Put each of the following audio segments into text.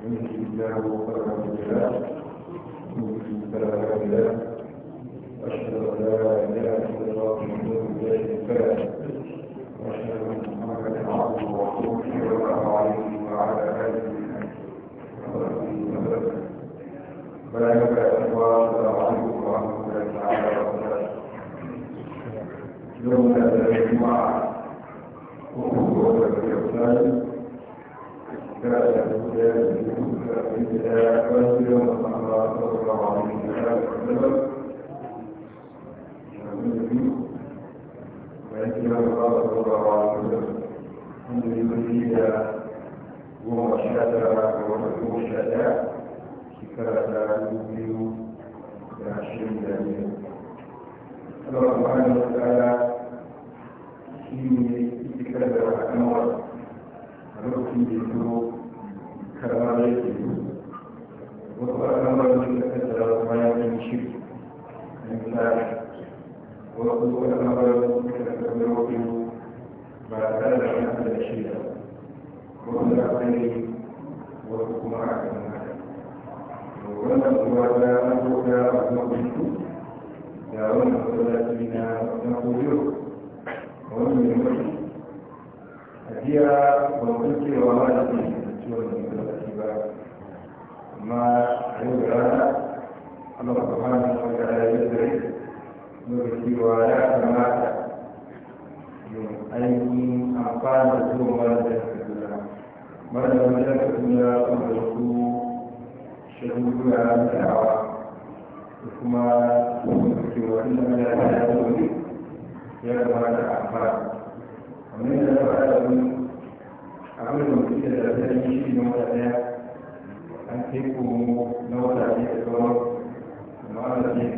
Thank you.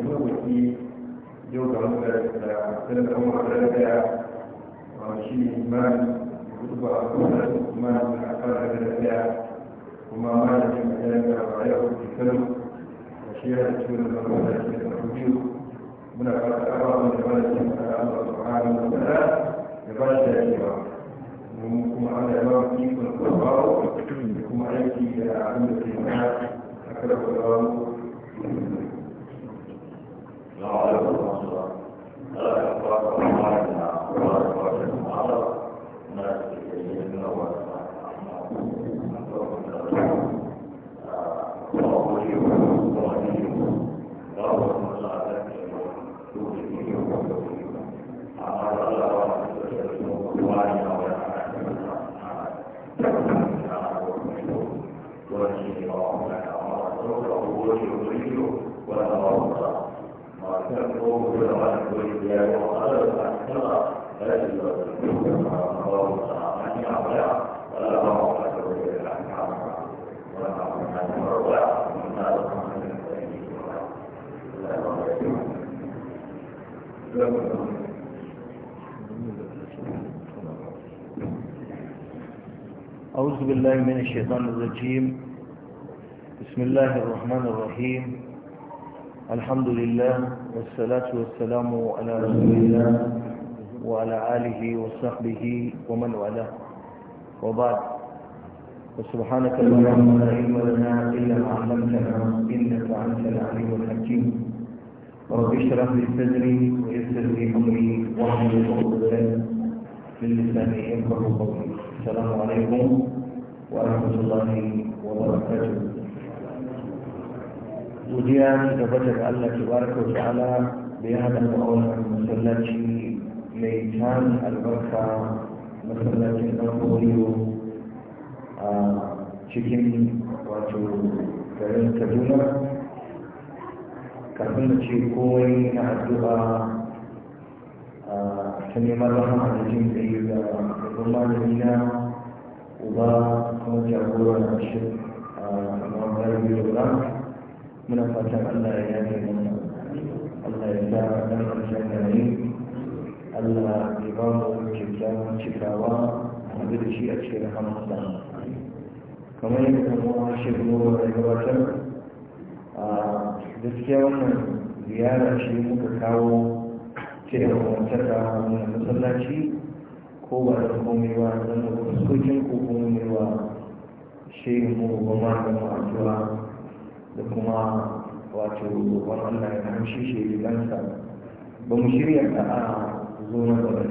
mawuki yau ga wanda da sanar da umar da shi ne imani kutuba a kusurar imani da akawar da daya kuma malamin da ya ga baya a kusurin da shi ya da cikin da kuma da shi da biyu muna fata abubuwan da ba da shi da Allah subhanahu wa ta'ala da ba shi da yawa mun kuma Allah ya ba mu ikon kwabawo da kuma aiki da abin da ke mana a karɓar da Thank you. أعوذ بالله من الشيطان الرجيم بسم الله الرحمن الرحيم الحمد لله والصلاة والسلام على رسول الله وعلى آله وصحبه ومن والاه وبعد وسبحانك اللهم لا علم لنا إلا ما علمتنا إنك أنت العليم الحكيم رب اشرح لي صدري ويسر لي أمري واحلل عقدة من لساني يفقه قولي السلام عليكم ورحمة الله وبركاته godiya ta gabata da Allah tabaraka wa ta'ala da ya hada mu wannan masallaci mai tan albarka masallacin dan Boriyo a cikin wato garin Kaduna kafin da ce komai na addu'a ta neman rahama da jin kai ga babban malami na uba kuma jagora na shi a kamar garbi da muna fatan allah ya yafe mana allah ya sa ɗan ƙarshen gari allah ya ba mu kyakkyawan cikawa a da shi a cikin hamsa kamar yadda kuma shi nuru da gabatar a gaskiya wannan ziyara shi muka kawo ce da wancan da masallaci ko ba da komai ba da fuskokin komai ba shi, mu ba ma da ma'ajuwa da kuma wato roƙon Allah ya hamshi shehilansa ba mu shirya ta a zo na ba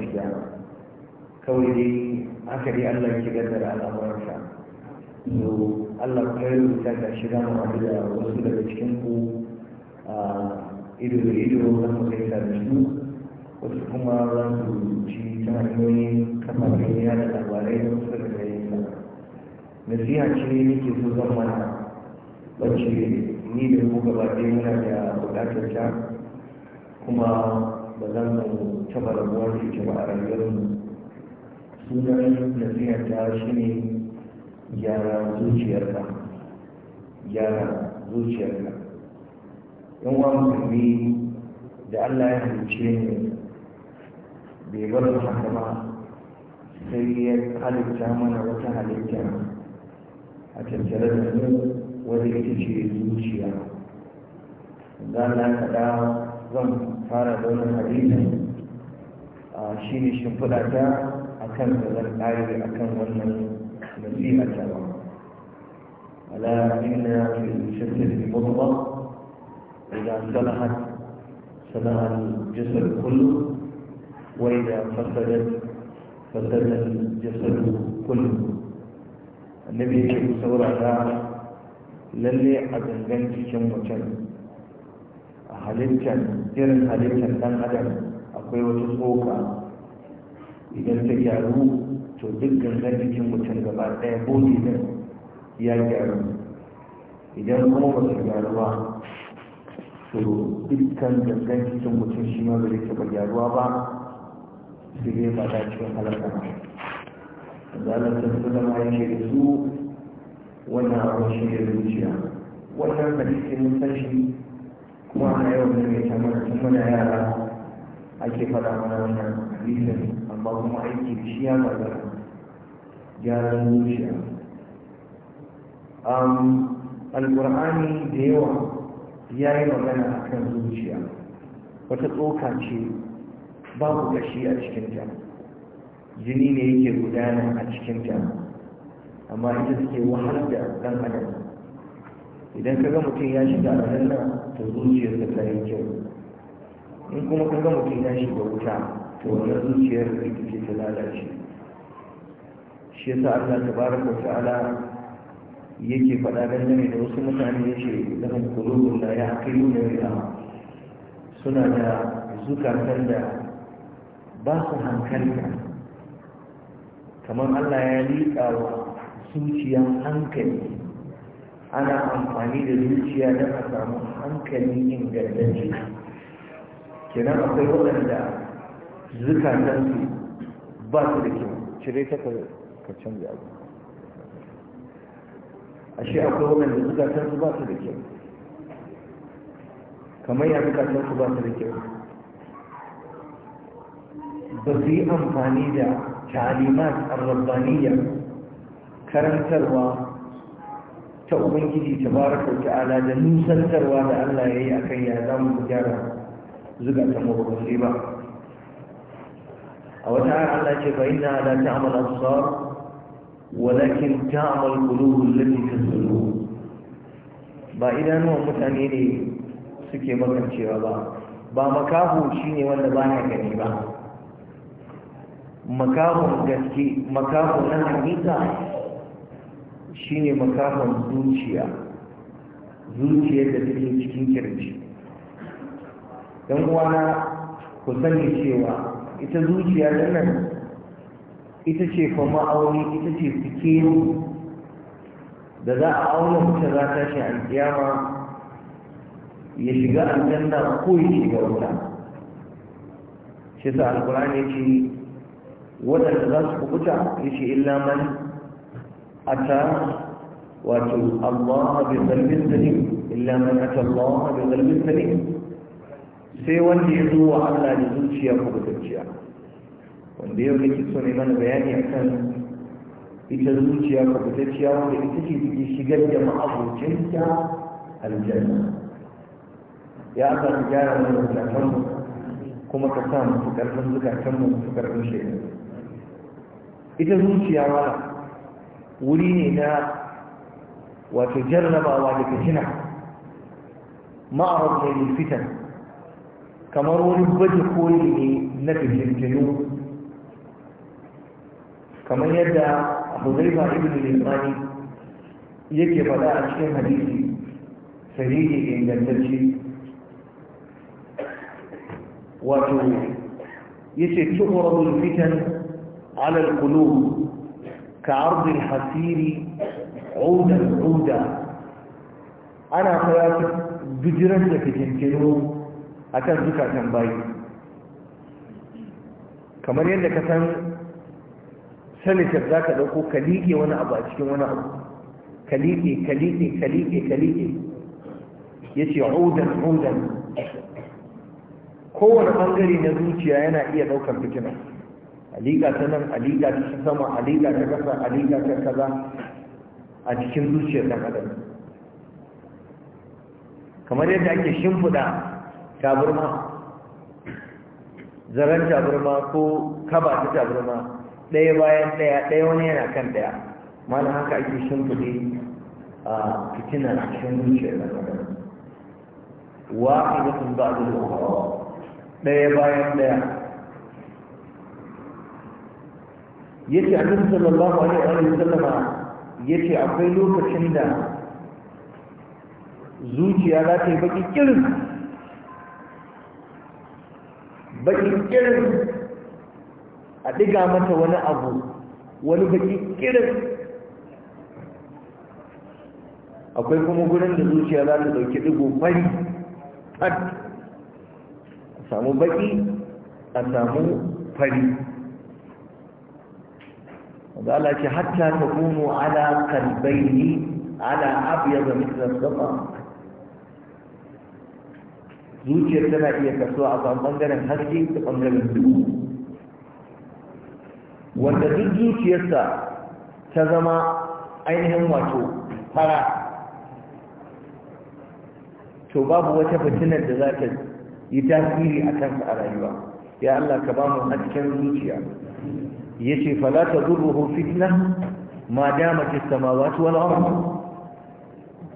kawai dai aka dai Allah ki shigar da al'amuransa so Allah kuma ya rubuta ga shiga mu da wasu daga cikin ku a ido da ido na mu kai da su wasu kuma za su ci ta kama kafafen yada labarai da wasu da gare sa nasiha ce nake so zan mana wacce ni da ku gaba ɗaya muna da buƙatar ta kuma ba zan mu taɓa rabuwa da ita ba a rayuwarmu sunan nasiha ta shi ne gyara zuciyarka gyara zuciyarka yan wa musulmi da allah ya halice ne bai bar mu haka ba sai ya halitta mana wata halitta a tattare da mu wanda ita ce zuciya za na kaɗa zan fara da wani hadisin shi ne shimfiɗa ta a kan da zan ƙare a kan wannan nasiha ta ba ala inna fi shirkin mutwa idan salahat salahat jisar kullum وإذا فسدت فسد الجسد كله النبي يقول سورة لا للي أدن cikin mutum a halittar irin halittar ɗan adam akwai wata tsoka idan ta gyaru to duk gangan jikin mutum gaba ɗaya bodi ɗin ya gyaru idan to dukkan gangan mutum shi ma bai gyaruwa ba su zai fata cikin halaka zalar sun su zama yake da su wannan abin shi ne zuciya wannan hadisi ne san shi kuma ana yau ne mai tamar tun muna yara ake faɗa mana wannan hadisin amma kuma aiki da shi ya magana gyara zuciya alƙur'ani da yawa ya yi magana a kan zuciya wata tsoka ce babu kashi a cikinta jini ne yake gudana a cikinta amma ita suke wahalar da ɗan adam idan ka ga mutum ya shiga nan, to zuciyarsa ta yi kyau in kuma ka ga mutum ya shiga wuta to wannan zuciyar ita ce ta lalace shi yasa Allah tabaraka ta'ala yake faɗa dangane da wasu mutane ya ce lahum qulubun la ya'qiluna biha suna da zukatan da ba su hankalta kamar allah ya liƙa wa zuciyar hankali ana amfani da zuciya da a samu hankali ingantacce kenan akwai waɗanda zukatansu ba su da kyau cire ta ka canza abu ashe akwai waɗanda zukatansu ba su da kyau kamar ya zukatansu ba su da kyau ba su yi amfani da talimat arrabbaniya karantarwa ta ubangiji ta baraka ta'ala da nusantarwa da allah ya yi a kan ya za mu gyara zuga ta mabukasai ba a wata ayar allah ce fa inna la ta'mal absar walakin ta'mal qulubul lati fi sudur ba idanuwan mutane ne suke magancewa ba ba makahu shine wanda baya gani ba makamun gaske makamun na hakika shine makamun zuciya zuciya da take cikin kirji don wana ku sani cewa ita zuciya nan ita ce fa ma'auni ita ce sikeli da za a auna mutum za ta shi alkiyama ya shiga aljanna ko ya shiga wuta shi sa alkurani ce waɗanda za su kukuta ya ce illa man ata wato Allah bi zalbin salim illa man ata Allah bi zalbin salim sai wanda ya zo wa Allah da zuciya kubutacciya wanda yau nake so ne mana bayani akan ita zuciya ko kubutacciya wanda ita ce take shigar da ma'abocinta aljanna ya aka gyara mana zukatanmu kuma ka sa musu karfin zukatanmu musu karfin shekaru ita zuciya wala wuri ne na wato jarrabawa da fitina ma'arab ne mai fitan kamar wani baje koli ne na fitintinu kamar yadda huzaifa ibn al-imani yake faɗa a cikin hadisi sahihi ingantacce wato yace tuqrabu al-fitan على القلوب كعرض الحسير عودا عودا أنا خلاص بجرد لك تنكنو أكاد زكا تنباي kamar yadda ka san sanitar za ka ɗauko ka liƙe wani abu a cikin wani abu ka liƙe ka liƙe ka liƙe ka liƙe ya ce udan udan kowane ɓangare na zuciya yana iya ɗaukar fitina aliga ta nan aliga ta sama aliga ta kasa aliga ta kaza a cikin zuciyar ɗan adam kamar yadda ake shimfiɗa taburma zaren taburma ko kaba ta taburma ɗaya bayan ɗaya ɗaya wani yana kan ɗaya mana haka ake shimfiɗe a fitinar a cikin zuciyar ɗan adam wa'idatun ba'd al-ukhra ɗaya bayan ɗaya yace annabi sallallahu alaihi wa sallama yace akwai lokacin da zuciya za ta yi baki kirin baki kirin a diga mata wani abu wani baki kirin akwai kuma gurin da zuciya za ta dauki digo fari fat a samu baki a samu fari wanda ce hatta ta kuno ala kalbaini ala abiyar da mutum zama zuciyar tana iya kaso a kan bangaren haske da bangaren duhu wanda duk zuciyarsa ta zama ainihin wato fara to babu wata fitinar da za ta yi tasiri a kansa a rayuwa ya Allah ka bamu hasken zuciya yace fala tadurruhu fitna ma dama as-samawati wal ard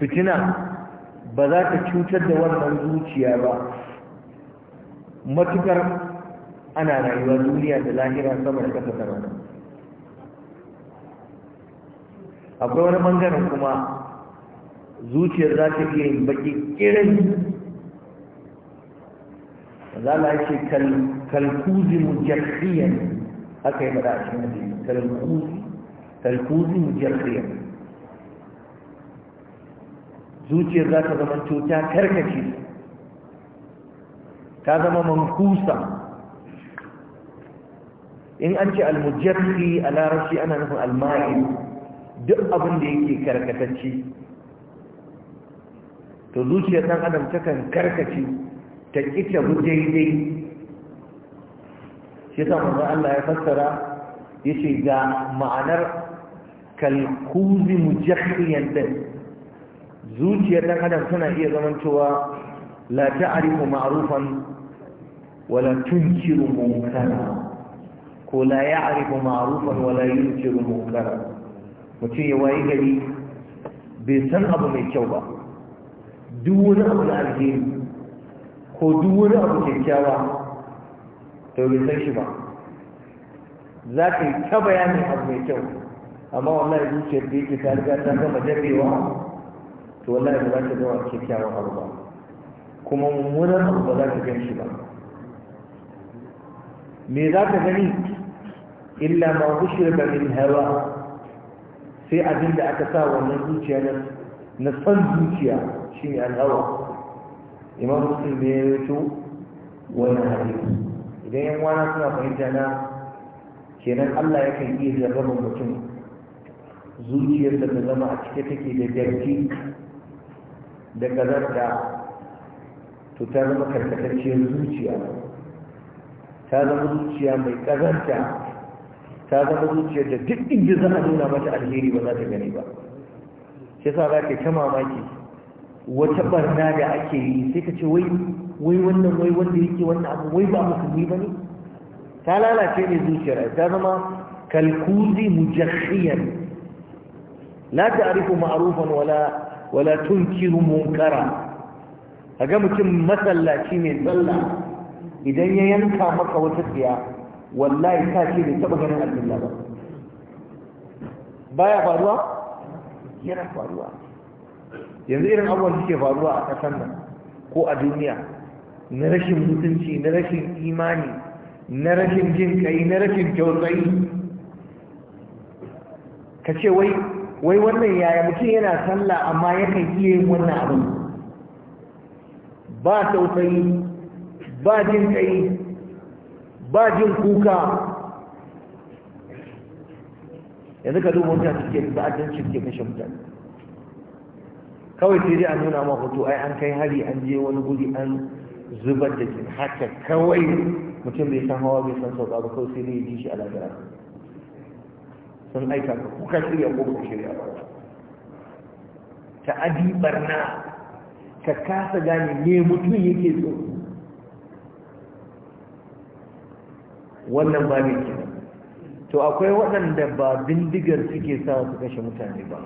fitina ba za ta cutar da wannan zuciya ba matukar ana rayuwa duniya da lahira sama da kasa akwai wani bangaren kuma zuciyar za ta iya baki kirin za la ce kalkuzi mujahiyan haka yi mada a cikin hadisi talkuzi talkuzi mujarriya zuciyar za ta zama cuta karkace ta zama mankusa in an ce almujarri a larabci ana nufin alma'i duk abin da yake karkatacce to zuciyar ɗan adam takan karkace ta ƙi ta daidai shi yasa manzon Allah ya fassara yace ga ma'anar kalkuzi mujahhiyan din zuciyar dan adam tana iya zamantowa la ta'rifu ma'rufan wala tunkiru munkara ko la ya'rifu ma'rufan wala yunkiru munkara mutum ya wayi gari bai san abu mai kyau ba duk wani abu na alheri ko duk wani abu kyakkyawa to bai san shi ba za ka yi ta bayanin abu mai kyau amma wallahi zuciyar da yake ta riga ta gama jabewa to wallahi ba za ta zama kyakkyawan abu ba kuma mummunan abu ba za ka gan shi ba me za ka gani illa ma ba min hawa sai abin da aka sa wannan zuciya na son zuciya shine al-hawa imam muslim ne ya rawaito wannan hadisi idan yan wana suna fahimta na kenan Allah yakan iya jarraba mutum da ta zama a cike take da jarki da kazarta to ta zama karkatacciyar zuciya ta zama zuciya mai kazanta ta zama zuciyar da duk inda za a nuna mata alheri ba za ta gani ba shi sa za ka ta mamaki wata barna da ake yi sai ka ce wai wai wannan wai wanda yake wannan abu wai ba musulmi ba ne ta lalace ne zuciyar ta zama kalkuzi mujahiyan la ta'rifu ma'rufan wala wala tunkiru munkara kaga mutum masallaci mai tsalla idan ya yanka maka wata tsiya wallahi ta ce bai taba ganin alƙalla ba baya faruwa yana faruwa yanzu irin abuwa suke faruwa a kasan nan ko a duniya na rashin mutunci na rashin imani na rashin jin kai na rashin kyautsayi ka ce wai wannan yaya mutum yana sallah amma yakan iya yin wannan abin ba tausayi ba jin kai ba jin kuka yanzu ka duba mutane suke ba'adin suke kashe mutane kawai sai dai a nuna ma hoto ai an kai hari an je wani guri an zubar da jini haka kawai mutum bai san hawa bai san sauka ba kawai sai dai ya ji shi a lagara sun aika ka kuka shirya ko kuka shirya ba adi barna ka kasa gane me mutum yake so wannan ba ne to akwai waɗanda ba bindigar suke sa su kashe mutane ba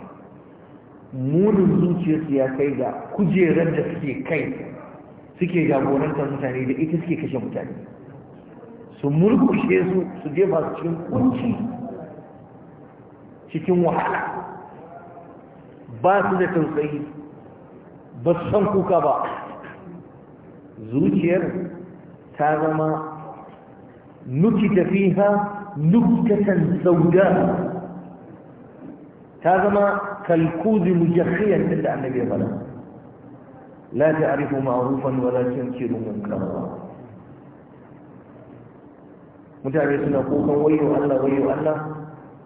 munin zuciyarsu ya kai ga kujerar da suke kai suke jagorantar mutane da ita suke kashe mutane su murkushe su su jefa su cikin kunci cikin wahala ba su da tausayi ba su san kuka ba zuciyar ta zama nuki tafiha nukatan sauda ta zama kalkuzi mujahiyan din da annabi ya faɗa la ta'rifu ma'rufan wa la tunkiru munkara mutane suna kukan wayo Allah wayo Allah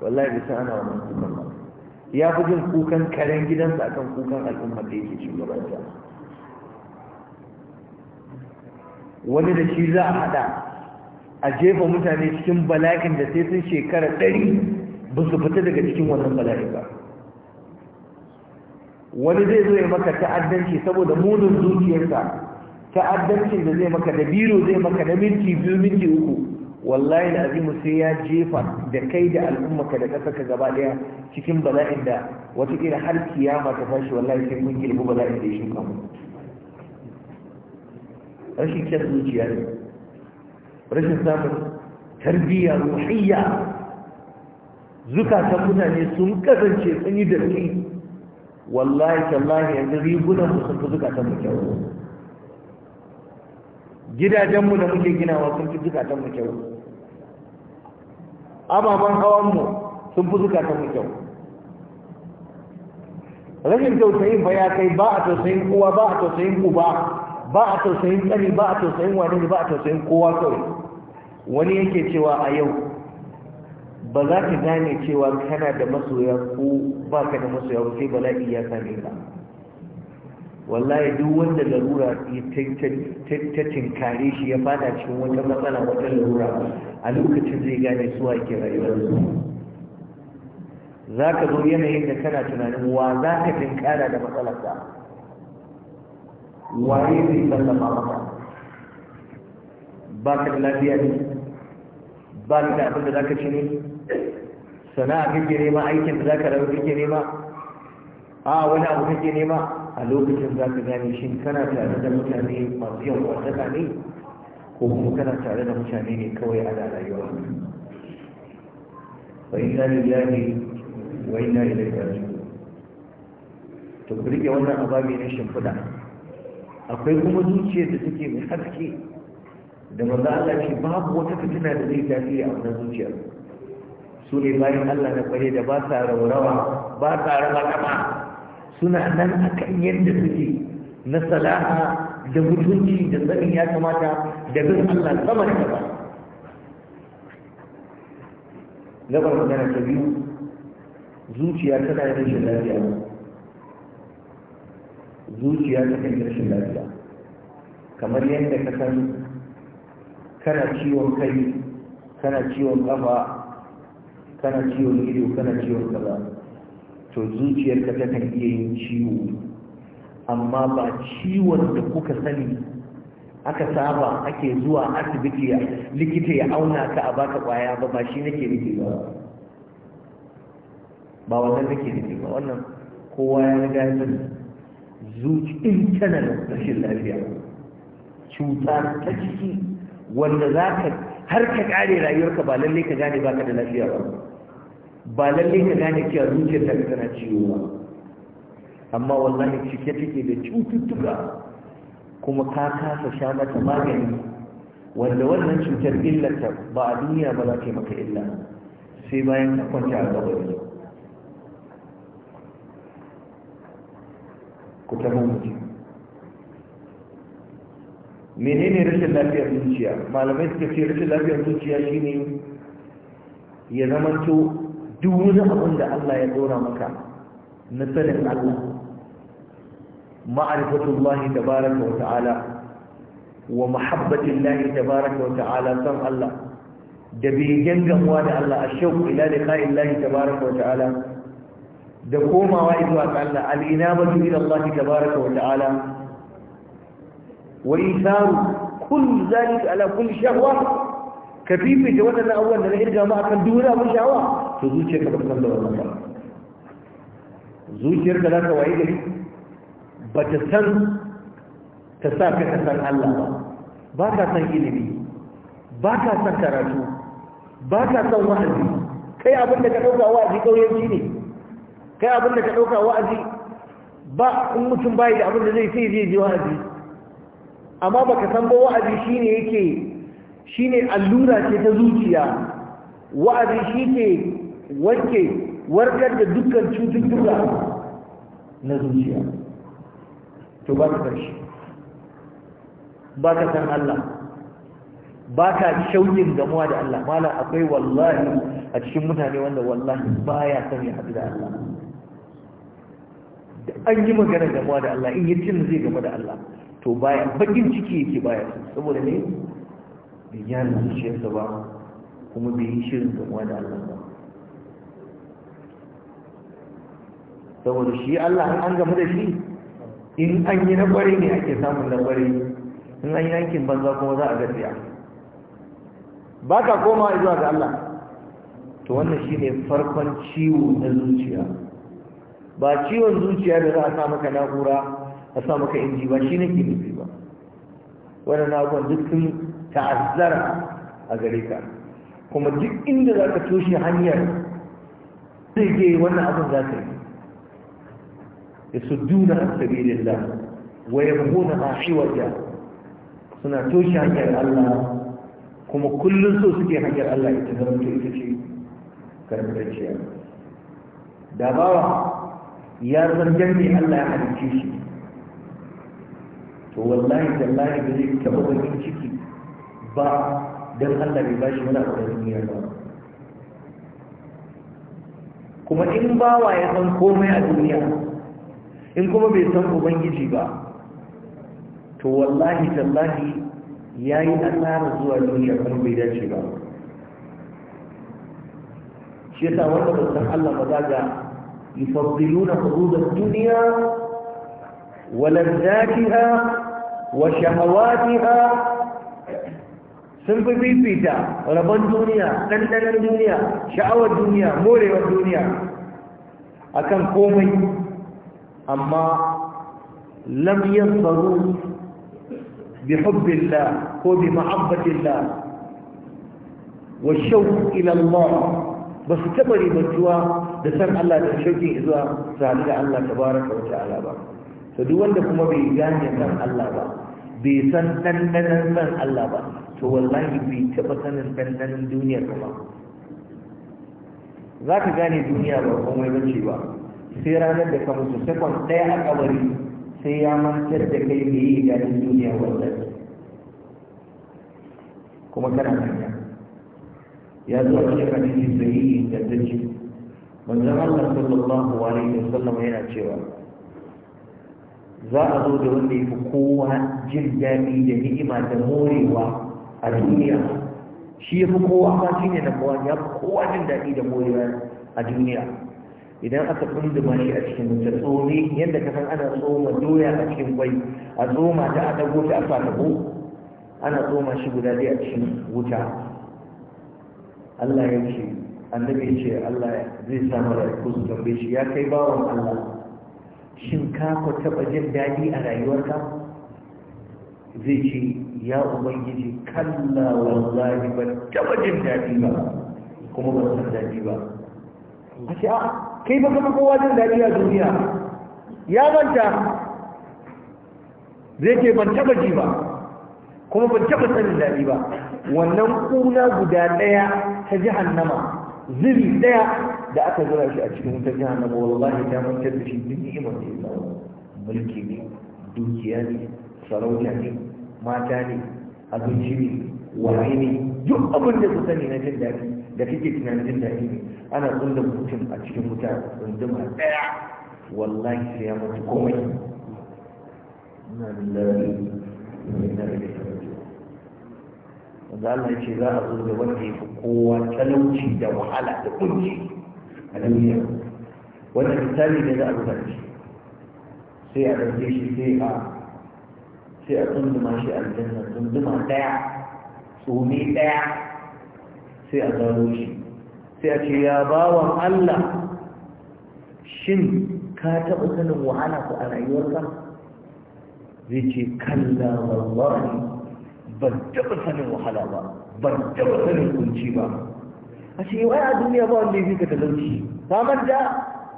wallahi bi sa ana wannan kukan ba ya fi jin kukan karen gidansa akan kukan al'umma da yake shugabanta wani da shi za a haɗa a jefa mutane cikin bala'in da sai sun shekara ɗari ba su fita daga cikin wannan bala'in ba wani zai zo ya maka ta'addanci saboda munin zuciyarsa ta'addancin da zai maka da biro zai maka da minti biyu minti uku wallahi da azimu sai ya jefa da kai da al'ummaka da ƙasa ka gaba ɗaya cikin bala'in da wataƙila har kiyama ta fashi wallahi sai mun girbi bala'in da ya shuka mu rashin kyan zuciya ne rashin samun tarbiyya ruhiyya zukatan mutane sun kasance sun yi da wallahi tallahi yanzu rigunan mu sun fi zukatan mu kyau gidajen mu da muke ginawa sun fi zukatan mu kyau ababen hawan mu sun fi zukatan mu kyau rashin tausayin ba ya kai ba a tausayin kowa ba a tausayin uba ba a tausayin tsari ba a tausayin wani ba a tausayin kowa kawai wani yake cewa a yau ba za ka gane cewa kana da masoya ko ba ka da masoya ba sai bala'i ya same ka wallahi duk wanda larura ta tinkare shi ya fada cikin wata matsala wata larura a lokacin zai gane su ke rayuwar su za ka zo yanayin da kana tunanin wa za ka tinkara da matsalarsa waye zai sallama maka ba ka da lafiya ne ba ka da abin da za ka ci ne sana'a kake nema aikin da zaka rabu kake nema a wani abu kake nema a lokacin zaka gane shi kana tare da mutane masu yawan ka ne ko kuma kana tare da mutane ne kawai ana rayuwa wa inna lillahi wa inna ilaihi raji'un to ku rike wannan ababi ne shimfiɗa akwai kuma zuciyar da take mai haske da maza Allah ce babu wata fitina da zai tafiya a wannan zuciyar su ne bayan Allah na kware da ba sa raurawa ba sa raba kama suna nan akan yadda suke na salaha da mutunci da zanen ya kamata da bin Allah sama da ba da na ta biyu zuciya tana yin rashin lafiya zuciya ta kan rashin lafiya kamar yadda ka san kana ciwon kai kana ciwon kafa kana ciwon ido kana ciwon kaza to zuciyarka ta kan iya yin ciwo amma ba ciwon da kuka sani aka saba ake zuwa asibiti ya likita ya auna ka a baka kwaya ba ba shi nake nufi ba ba wannan nake nake ba wannan kowa ya riga ya sani zuci in tana da rashin lafiya cuta ta ciki wanda za ka har ka kare rayuwarka ba lallai ka gane baka da lafiya ba ba lalle ka gane cewa zuciyar ta tana ciwo ba amma wallahi cike take da cututtuka kuma ka kasa sha mata magani wanda wannan cutar illarta ba a duniya ba za ta yi maka illa sai bayan ka kwanta a gabari ku tafi mutum menene rashin lafiyar zuciya malamai suka ce rashin lafiyar zuciya shine ya zama to? duk wani abin da Allah ya dora maka na sanin Allah ma'arifatullahi tabaraka wa ta'ala wa mahabbatillahi tabaraka wa ta'ala san Allah da begen gamuwa da Allah a ashauq ila liqa'illahi tabaraka wa ta'ala da komawa zuwa ga Allah al-inabatu ila Allah tabaraka wa ta'ala wa isaru kun zalika ala kun shahwa ka fifita waɗannan abubuwan da na irga ma akan duk wani abin sha'awa to zuciyarka ba ta san da wannan ba zuciyarka za ka waye gari ba ta san ta sa ka ta san Allah ba ba ka san ilimi ba ka san karatu ba ka san wa'azi kai abin da ka ɗauka wa'azi ƙauyenci ne kai abin da ka ɗauka wa'azi ba in mutum bai da abin da zai sai zai ji wa'azi amma baka san ba wa'azi shine yake Shi ne allura ce ta zuciya wa'azi shi ke wanke warkar da dukkan cututtuka na zuciya to ba ka karshe ba ka san Allah ba ka shaukin gamuwa da Allah mala akwai wallahi a cikin mutane wanda wallahi ya son ya haɗu da Allah da an yi magana gamuwa da Allah in yi cin zai gama da Allah to bayan, bakin ciki yake baya saboda ne bai gyara zuciyarsa ba kuma bai yi shirin gamuwa da Allah ba saboda shi Allah an gamu da shi in an yi na kwarai ne ake samun na kwarai in an yi yankin banza kuma za a gaskiya ba ka koma zuwa ga Allah to wannan shi ne farkon ciwo na zuciya ba ciwon zuciya da za a sa maka na'ura a sa maka inji ba shi ne ke nufi ba waɗannan abubuwan duk sun ta'azzara a gare ka kuma duk inda za ka toshe hanyar zai ke wannan abin za ka yi ya su duna a sabirin da waya na a shiwaja suna toshe hanyar Allah kuma kullum so suke hanyar Allah ita zama to ita ce karfaranciya da bawa ya zargen ne Allah ya halicce shi to wallahi da ba zai taɓa bakin ciki ba don Allah bai bashi wani abu da duniya ba kuma in bawa ya san komai a duniya in kuma bai san ubangiji ba to wallahi tallahi ya yi asara zuwa duniya kuma bai dace ba shi yasa wanda ba san Allah ba za ga yufaddiluna hududad duniya wa lazzatiha wa shahawatiha sun fi fifita rabon duniya ɗanɗanar duniya sha'awar duniya morewar duniya akan komai amma lam yasbaru bi hubbillah ko bi ma'abbatillah wa shauq ila ba su taɓa ribantuwa da san Allah da shauƙin zuwa su da Allah tabaraka wa ta'ala ba to duk wanda kuma bai gane san Allah ba bai san ɗanɗanon san Allah ba to wallahi bai taɓa sanin ɗanɗanon duniyar ba za ka gane duniya ba komai ba ce ba sai ranar da ka mutu sakon ɗaya a kabari sai ya mantar da kai da yi gani duniya wallahi kuma kana hanya ya zo a cikin hadisi sahihi da dace manzon Allah sallallahu alaihi wasallam yana cewa za a zo da wanda ya fi kowa jin daɗi da ni'ima da morewa a duniya shi ya fi kowa ma shi ne number ya fi kowa jin daɗi da morewa a duniya idan aka tsunduma shi a cikin wuta tsomi yadda ka san ana tsoma doya a cikin kwai a tsoma ta a dago ta a fatabo ana tsoma shi guda ɗaya a cikin wuta Allah ya ce annabi ya ce Allah zai sa mara ku su tambaye shi ya kai bawan Allah shin ka ku taɓa jin daɗi a rayuwarka zai ce ya ubangiji kalla wallahi ba taɓa jin daɗi ba kuma ba san daɗi ba a ce a kai ba kama kowa jin daɗi a duniya ya manta zai ce ban taɓa ji ba kuma ban taɓa sanin daɗi ba wannan kuna guda ɗaya ta hannama zuri ɗaya da aka zura shi a cikin wutar jahannama wallahi ta mantar da shi duk ni'imar da ya mulki ne dukiya ne sarauta ne mata ne abinci ne waye ne duk abin da su sani na jin daɗi da kake tunanin jin daɗi ne ana tsunda mutum a cikin wuta tsunduma ɗaya wallahi sai ya mutu komai ina da lillahi ina da raji'un wanda Allah ya ce za a zo da wanda ya fi kowa talauci da wahala da kunci a duniya wannan misali ne za a buga shi sai a ɗauke shi sai a sai a tsunduma shi aljanna tsunduma ɗaya tsomi ɗaya sai a zaro shi sai a ce ya bawan Allah shin ka taɓa sanin wahala ku a rayuwarka zai ce kalla wallahi ban taɓa sanin wahala ba ban taɓa sanin kunci ba a ce ya duniya ba wanda ya fi ka talauci ka manta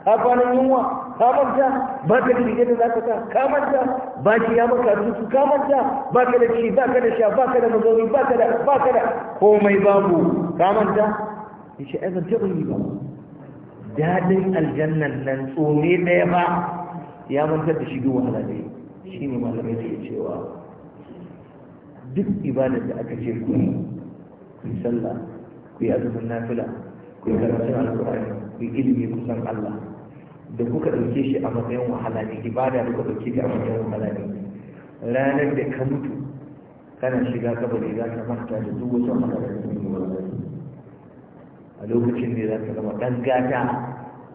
ka kwanan yunwa ka manta ba ka da rigar da za ka ta? ka manta ba ki ya maka rutu ka manta ba ka da ci ba ka da sha ba ka da mazauni ba ka da ba ka da komai babu ka manta ya ce aizan taɓa yi ba daɗin aljannan nan tsone ɗaya ba ya manta da shi duk wahala ne shi ne malamai suke cewa duk ibadar da aka ce ku yi sallah ku yi azumin nafila ku yi karatun alƙur'ani ku yi ilimi kusan Allah da kuka ɗauke shi a matsayin wahala ne ibada da kuka ɗauke shi a matsayin wahala ne ranar da ka mutu kana shiga kabari za ka manta da duk wasu wahala da kuma yi a lokacin ne za ka zama ɗan gata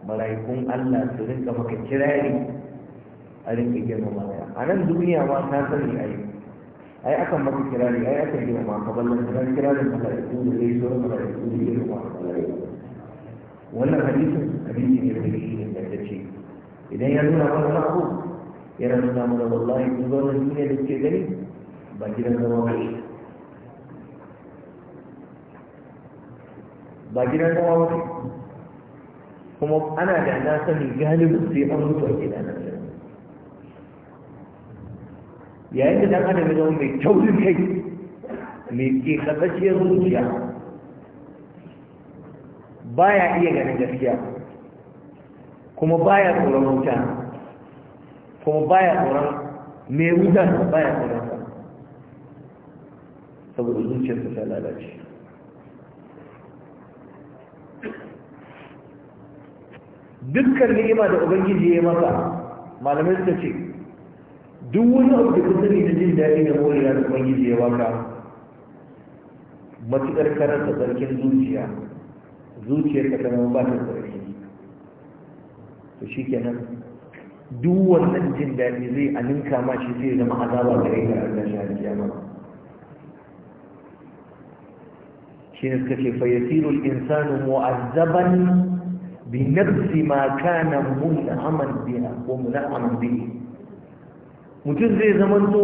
mala'ikun Allah su rinka maka kirari a rinka girmama a nan duniya ma ta sani a yi ai akan maka kirari ai akan yi ma ka ballan kan kirarin malaiku da dai sauran malaiku da yi ma wannan hadisin hadisi ne da shi da ta ce idan ya nuna mana haƙo yana nuna mana wallahi kun zauna shi ne da ke gani ba gidan zama ba ba gidan zama ba kuma ana da na sani galibin sai an mutu a gidan nan yayin da dan adam ya zama mai taurin kai mai kekatsaciyar zuciya baya iya ganin gaskiya kuma baya tsoron wuta kuma baya tsoron mai wuta baya tsoron sa saboda zuciyarsa ta lalace dukkan ni'ima da ubangiji ya yi maka malamai suka ce duk wani abu da ka sani na jin daɗi da morewa da ubangiji ya baka matuƙar karanta tsarkin zuciya zuciyar ka zama ba ta tsarki to shi kenan duk wannan jin daɗi zai aninka ma shi zai zama azaba gare ka a ƙarshen kiyama shi ne suka ce fayyasirul insanu mu'azzaban bi nafsi ma kana mun'aman biha ko mun'aman bihi mutum zai zamanto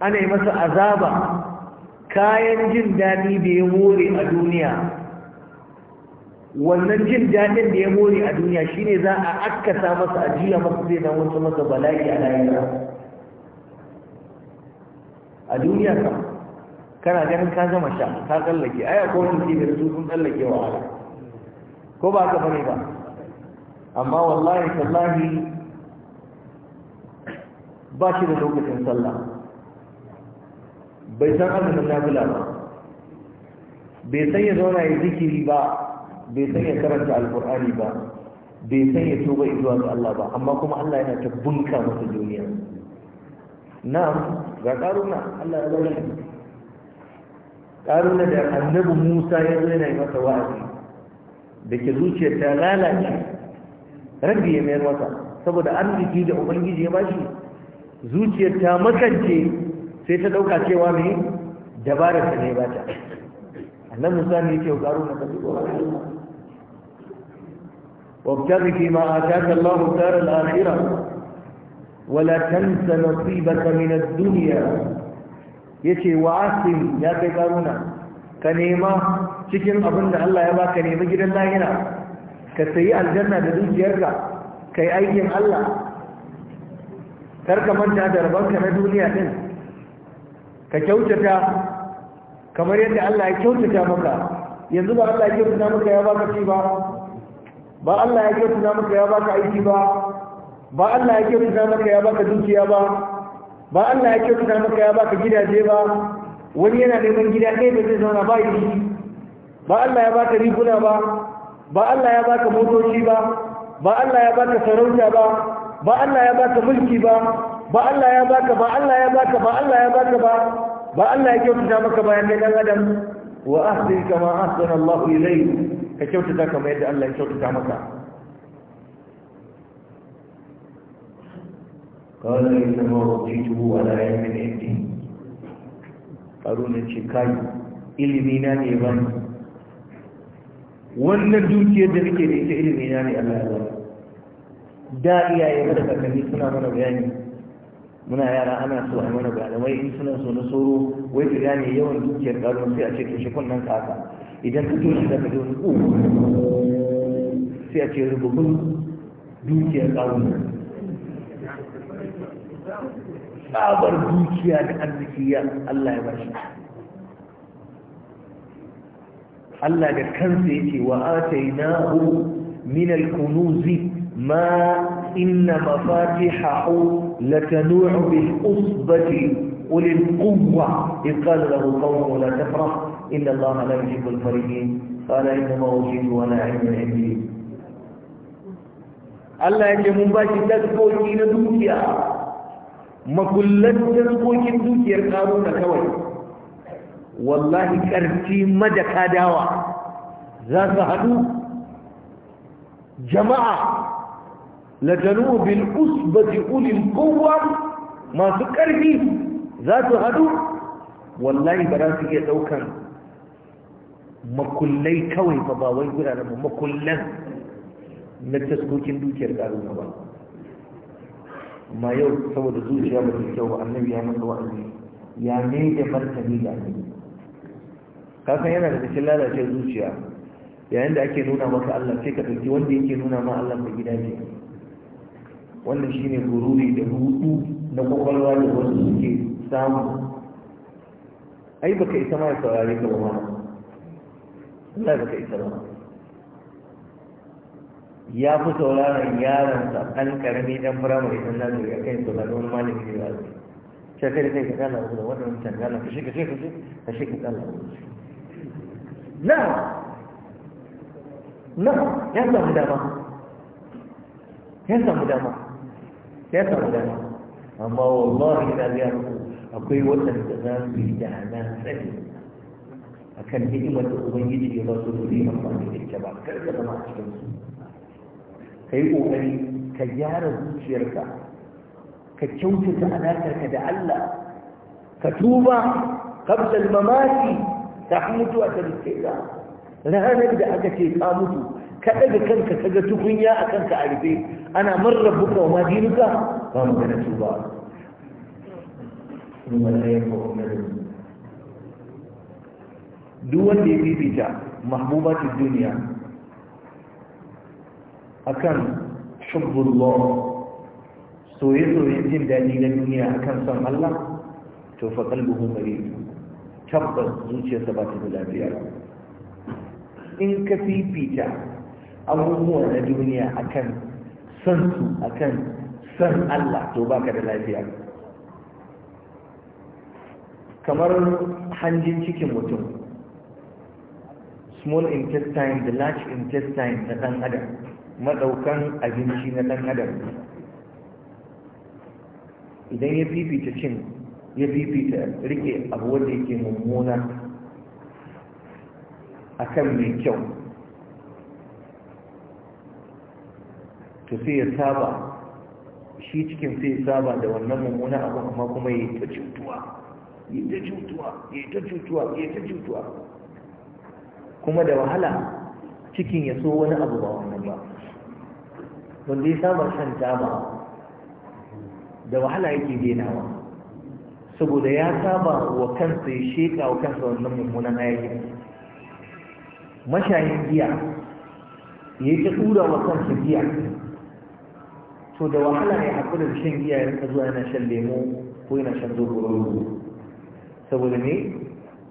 ana yi masa azaba kayan jin daɗi da ya more a duniya wannan jin daɗin da ya more a duniya shine za a akkasa masa ajiya masu zai zama wasu masa bala'i a lahira a duniya ka kana ganin ka zama sha ka tsallake aya ko wani ke da su sun tsallake wa ko ba ka bane ba amma wallahi tallahi ba shi da lokacin sallah bai san azumin nafila ba bai san ya zauna ya zikiri ba bai san ya karanta alkur'ani ba bai san ya tuba zuwa ga Allah ba amma kuma Allah yana ta bunka masa duniya na'am ga karuna Allah ya zauna karuna da annabi Musa ya zo yana masa wa'azi da ke zuciyar ta lalace rabbi ya mayar masa saboda arziki da ubangiji ya bashi zuciyar ta makance sai ta ɗauka cewa ne dabarar ta ne ba ta annan musa ne ke ƙaro na kasu ko wabtaghi fi ma ataka Allahu dar al-akhirah wala tansa nasibaka min ad-dunya yace wa asim ya kai karuna ka nema cikin abin da Allah ya baka nemi gidan lahira ka sayi aljanna da ka. kai aikin Allah karka manta da rabanka na duniya din ka kyautata kamar yadda Allah ya kyautata maka yanzu ba Allah ya kyautata maka ya baka ci ba ba Allah ya kyautata maka ya baka aiki ba ba Allah ya kyautata maka ya baka dukiya ba ba Allah ya kyautata maka ya baka gidaje ba wani yana neman gida ɗaya da zai zauna ba yi ba Allah ya baka riguna ba ba Allah ya baka motoci ba ba Allah ya baka sarauta ba ba Allah ya baka mulki ba ba Allah ya baka ba Allah ya baka ba Allah ya baka ba ba Allah ya kyautata maka bayan dai dan adam wa ahdi kama ahsana Allah ilayk ka kyautata kama yadda Allah ya kyautata maka قال إنما رضيته على علم عندي قالون الشكاي إلمينا نيبان wannan dukiyar da nake da ita ilimi na ne Allah ya bani da iyaye da kakanni suna mana bayani muna yara ana so a mana bayanai wai in suna so na soro wai ka gane yawan dukiyar karo sai a ce toshe kunnen ka haka idan ka toshe za ka ji wani ƙo oh. sai a ce rububin dukiyar karo Sabar dukiya da arziki ya Allah ya bashi Allah da kansa yake wa atainahu min al-kunuzi ما إن مفاتحه لتنوع بالأصبة أولي القوة إذ قال له قومه لا تفرح إن الله لا يجيب الفريقين قال إنما أجيب ولا علم عندي الله يجي من باشي إلى دنيا ما كلت إلى ندوكيا قارون كوي والله كرتي مدى كاداوة زاد هدو جماعة masu ƙarfi za su ما Wallahi ba za su iya يتوكا makullai kawai ba ba wai guraren ba makullan na taskokin dukiyar garin ba amma yau saboda zuciya ba ta kyau ba annabi ya masa wa'azi ya mai da martani da annabi kasan yana da cikin lalace zuciya yayin da ake nuna maka Allah sai ka ɗauki wanda yake nuna ma Allah mai gida ne wannan shine gururi da hudu na kwakwalwa da wasu suke samu ai baka isa ma ya saurare ka ba ma Allah baka isa ba ya fi sauraron sa. an karami dan firamare dan nazari a kan sauraron malin ne ba sai kai kai ka kana da wannan mutan kana ka shi ka shi ka shi ka shi ka kana na na ya samu dama ya samu dama ya sauran amma wallahi na ga akwai waɗanda za su yi da na sani a kan hikimar da ubangiji ya ba su zuri da ita ba kar ka zama a cikin su ka yi ƙoƙari ka gyara zuciyarka ka kyautata alaƙarka da Allah ka tuba kabla mamaki ta mutuwa ta riske ka ranar da aka ce ka mutu ka daga kanka ka ga tukunya a kanka a rufe ana marar buka wa dinuka ba mu gana tuba duk wanda ya bibita mahbubatin duniya akan shubbullah soye-soyen jin daɗi na duniya akan son Allah to fa kalbuhu marid tabbas zuciyarsa ba ta da lafiya in ka fifita abubuwa na duniya akan son su akan son Allah to baka da lafiya kamar hanjin cikin mutum small intestine da large intestine na ɗan adam maɗaukan abinci na ɗan adam idan ya fifita cin ya fifita rike abu wanda yake mummuna a kan mai kyau to sai ya saba shi cikin sai ya saba da wannan mummuna abu amma kuma ya ta ta cutuwa ta ta kuma da wahala cikin ya so wani abu ba wannan ba wanda ya saba shan taba da wahala yake denawa saboda ya saba wa kansa ya sheka wa kansa wannan mummunan hayakin mashayin giya ya yi ta tura wa kansa giya to da wahala ya haƙura kudin shan giya ya zuwa yana shan lemo ko yana shan zuburu saboda ne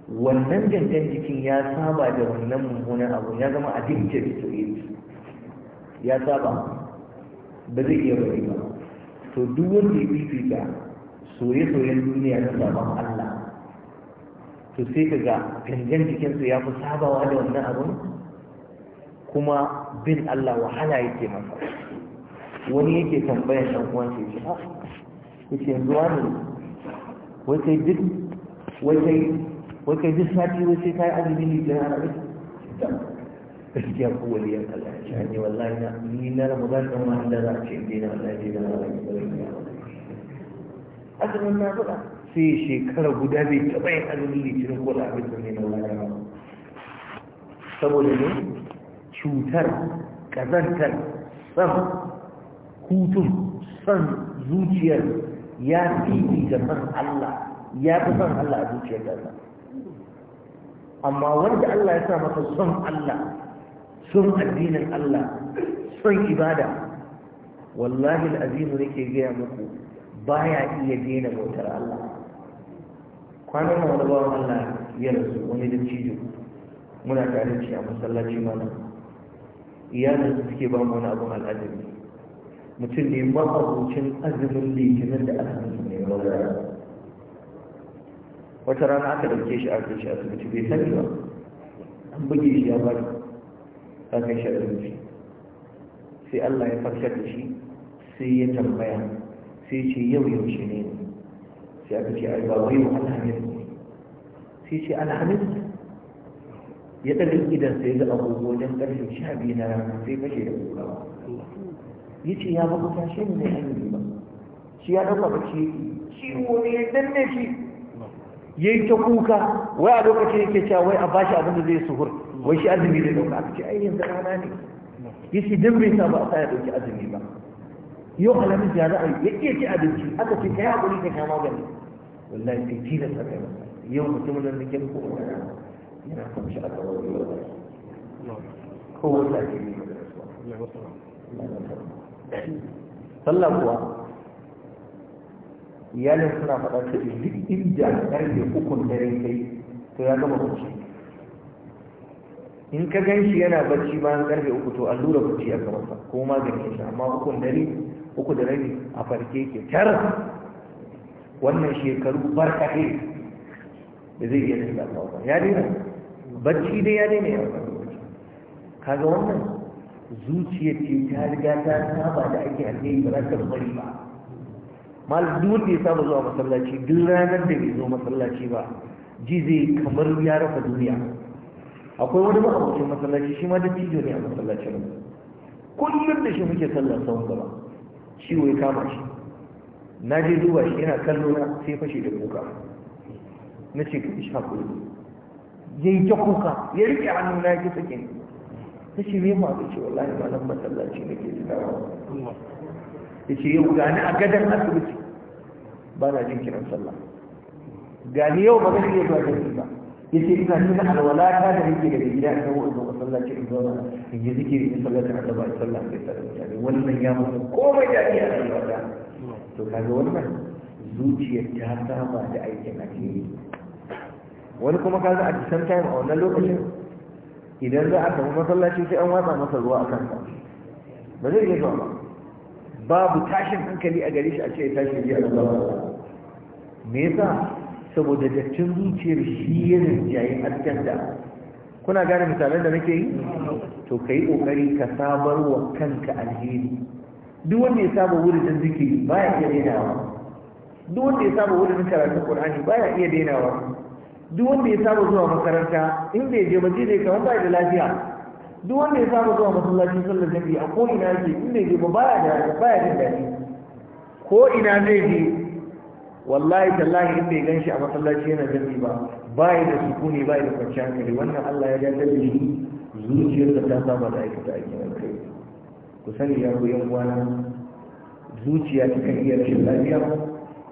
wannan jantan jikin ya saba da wannan mummunan abu ya zama addicted to it ya saba ba zai iya bari ba to duk wanda ya ga soye-soyen duniya na sabon Allah to sai ka ga gangan jikinsu ya fi sabawa da wannan abun kuma bin Allah wahala yake masa wani yake tambayar ɗan uwan shi ce ah, ha yace yanzu wani wai kai duk wai kai wai kai duk sati wai sai kai azumi ne da ana ne gaskiya ko wali ya kalla shi ne wallahi na ni na ramadan ɗan wani da za a ce dai na wallahi dai na wallahi azumin na faɗa sai shekara guda bai taɓa yin azumin litinin ko da abin da ne na wallahi saboda ne cutar kazantar sam hutun son zuciyar ya fifi da son Allah ya fi son Allah a zuciyar da amma wanda Allah ya sa masa son Allah son addinin Allah son ibada wallahi al'azimu ke gaya muku baya iya daina bautar Allah kwanan na wani bawan Allah ya rasu wani da cijo muna tare shi a masallaci mana iyalinsu suke ba mu wani abun al'ajabi mutum ne mahabucin azumin litinin da azumin ne wata rana aka dauke shi aka shi asibiti bai sani ba an buge shi ya bari aka kai shi asibiti sai Allah ya farkar da shi sai ya tambaya sai ce yau yaushe ne sai aka ce ai ba wai mu alhamis ne sai ce alhamis ya ɗaga idan sai ga agogo wajen ƙarfe sha biyu na rana sai fashe da kokawa Yi ce ya baka tashe ne mai hanyar ba shi ya ɗauka ba ce ciwo ne ya danne shi ya yi ta kuka wai a lokacin yake cewa wai a bashi abin da zai suhur wai shi azumi zai ɗauka a ce ai yanzu rana ne ya ce don bai sa a sa ya ɗauki azumi ba yau alamis ya za'a ya iya ci abinci aka ce ka yi haƙuri ka sha magani wallahi sai tilasta kai masa yau mutumin da nake ko yana kamshi a gaban yau kowace ake yi da rasuwa sallah kuwa iyalin suna su ɗin, duk inda ƙarfe ukun dare kai to ya gama bacci in ka gan shi yana bacci bayan ƙarfe uku to allura bacci a gabansa ko maganin shi amma ukun dare uku da rabi a farke ke tara wannan shekaru kaɗe da zai iya tafiya ba ya daina bacci dai ya daina ya kaga wannan Zuciyar ce ta riga ta saba da ake alheri ba za ta bari ba malam duk wanda ya saba zuwa masallaci duk ranar da bai zo masallaci ba ji zai kamar ya rasa duniya akwai wani ma'abucin masallaci shi ma da tijo ne a masallacin kullum da shi muke sallar sahun gaba shi wai kama shi na je duba shi yana kallo na sai fashe da kuka na ce ka shi hakuri ya yi ta kuka ya rike hannu na ya ke sake ta ce me ma ce wallahi ba nan masallaci da ke wa ya ce yau gani a gadon asibiti ba na jin kiran sallah gani yau ba zai iya zuwa gani ba ya ce ina cikin alwalata da nake daga gida in kawo izo masallaci in zauna in yi zikiri in sallaci a gaba in sallah sai tare mutane wannan ya mutu komai da iya rayuwa to kaga wannan zuciyar ta saba da aikin yi wani kuma kaza a disan time a wannan lokacin idan za a samu masallaci sai an watsa masa ruwa a kansa ba zai iya zuwa ba babu tashin hankali a gare shi a ce ya tashi biya da zama me yasa saboda dattin zuciyar shi ya rinjaye askanta kuna gane misalan da nake yi to ka yi ƙoƙari ka sabar wa kanka alheri duk wanda ya saba wurin zikiri baya iya dainawa duk wanda ya saba wurin karatun qur'ani baya iya dainawa duk wanda ya saba zuwa makaranta in bai je ba zai kamar ba da lafiya duk wanda ya saba zuwa masallaci sallar jami'i a ko ina ke in bai je ba baya da baya da daɗi ko ina zai je wallahi tallahi in bai ganshi a masallaci yana jami'i ba baya da ne baya da kwanciyar hankali wannan Allah ya ga zuciyar da ta saba da aikata aikin kai ku sani ya ku yan uwana zuciya ta kan iya rashin lafiya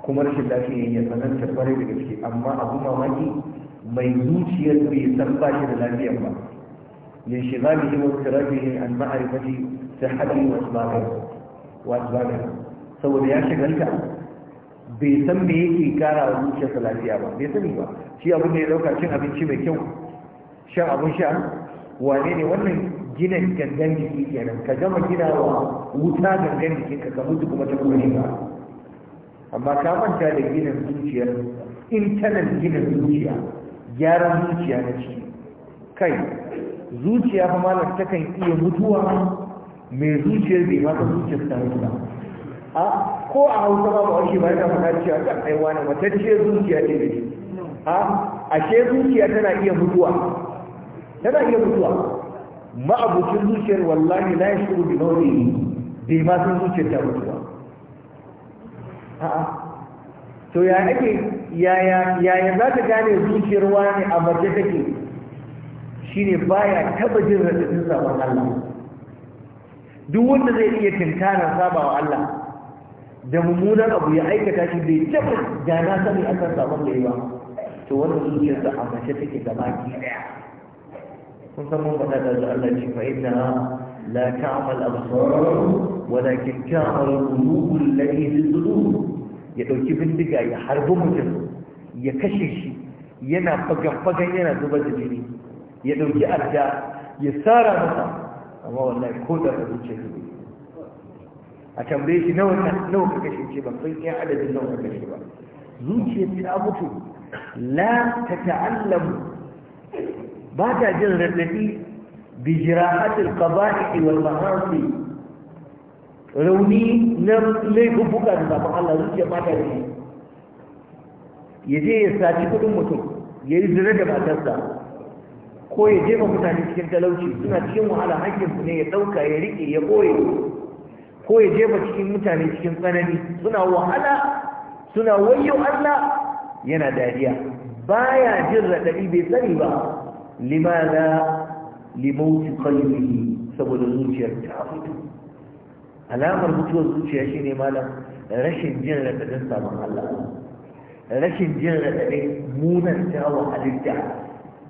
kuma rashin lafiya ya tsananta kwarai da gaske amma abu mamaki mai zuciyar bai san ba shi da lafiya ba min shigalihi wa tirabihi an ma'arifati sihhati wa asbabihi wa saboda ya shigalta bai san me yake kara wa zuciyarsa lafiya ba bai sani ba shi abin da ya ɗauka, cin abinci mai kyau shan abun sha wane ne wannan gina gangan jiki kenan ka gama gina wa wuta gangan jikinka ka mutu kuma ta kuma ne ba amma ka manta da ginin zuciyar intanet ginin zuciya gyaran zuciya na ciki kai zuciya fa malam takan iya mutuwa mai zuciyar bai mata zuciyar ta mutu ba a ko a hausa ba ba shi ba ta faɗa cewa ta aiwa na matacce zuciya ce da shi a ashe zuciya tana iya mutuwa tana iya mutuwa ma'abucin zuciyar wallahi la yashuru bi mawdihi bai ma zuciyar ta mutuwa a'a to ya ake yaya za ka gane zuciyar wani a mace take shine baya taba jin radadin sabon Allah duk wanda zai iya tinkana sabawa Allah da mummunan abu ya aikata shi bai taba gana na sani akan sabon da ba to wannan sa a bace take gaba ki daya kun san mun faɗa da Allah ce fa لا تعمى الأبصار ولكن تعمى القلوب التي في الصدور ya ɗauki bindiga ya harbi mutum ya kashe shi yana fagan-fagan yana zubar da jini ya ɗauki adda ya tsara masa amma wallahi ko da ka zuce ka zuce a tambaye shi nawa ka kashe ce ba sai ya adadin nawa ka kashe ba ta mutu la ta ta'allamu ba ta jin raɗaɗi بجراحات القبائح والمعاصي rauni na laifuka da zafin Allah zuciya mata da shi ya je ya saci kudin mutum ya yi zira da matarsa ko ya jefa mutane cikin talauci suna cikin wahala hakkinsu ne ya ɗauka ya riƙe ya ɓoye ko ya jefa cikin mutane cikin tsanani suna wahala suna wayo Allah yana dariya baya jin raɗaɗi bai sani ba limaza limauti qalbihi saboda zuciyar ta mutu alamar mutuwar zuciya shine malam rashin jin raɗaɗin sabon Allah rashin jin radadin munan tawa halitta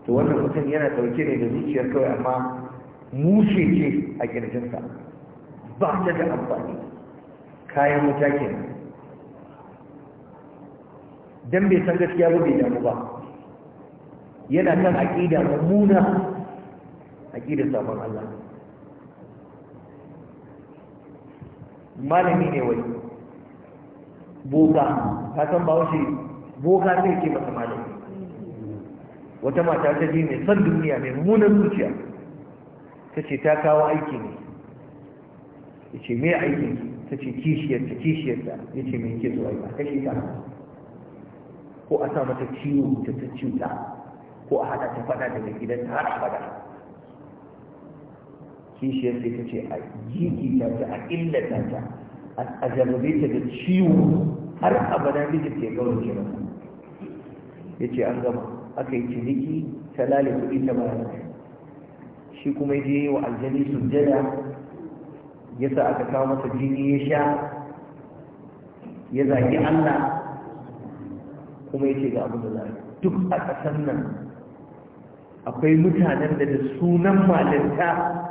to wannan mutum yana dauke ne da zuciyar kawai amma mushe ce a ƙirjinsa, ba ta da amfani kayan wuta ke dan bai san gaskiya ba bai damu ba yana kan aƙida mummuna aƙidar sabon Allah malami ne wai boka ta san ba wace boka ne ke masa malami wata mata ta ji mai son duniya mai munan zuciya ta ce ta kawo aiki ne ya ce mai aiki ta ce kishiyarta kishiyarta ya ce mai ke zuwa ba kashe ta ko a sa mata ciwo ta ta ciwo ko a hada ta fada da gidan ta har abada kishiyar sai ta ce a gigita ta a illata ta a jarrabe ta da ciwo har abada mijin ke gawar ya ce an gama aka yi ciniki ta lale kuɗi ta bayan shi kuma ya je yi wa aljani sujjada ya sa aka kawo masa jini ya sha ya zagi allah kuma ya ce ga Abu da za duk a ƙasar nan akwai mutanen da da sunan malinta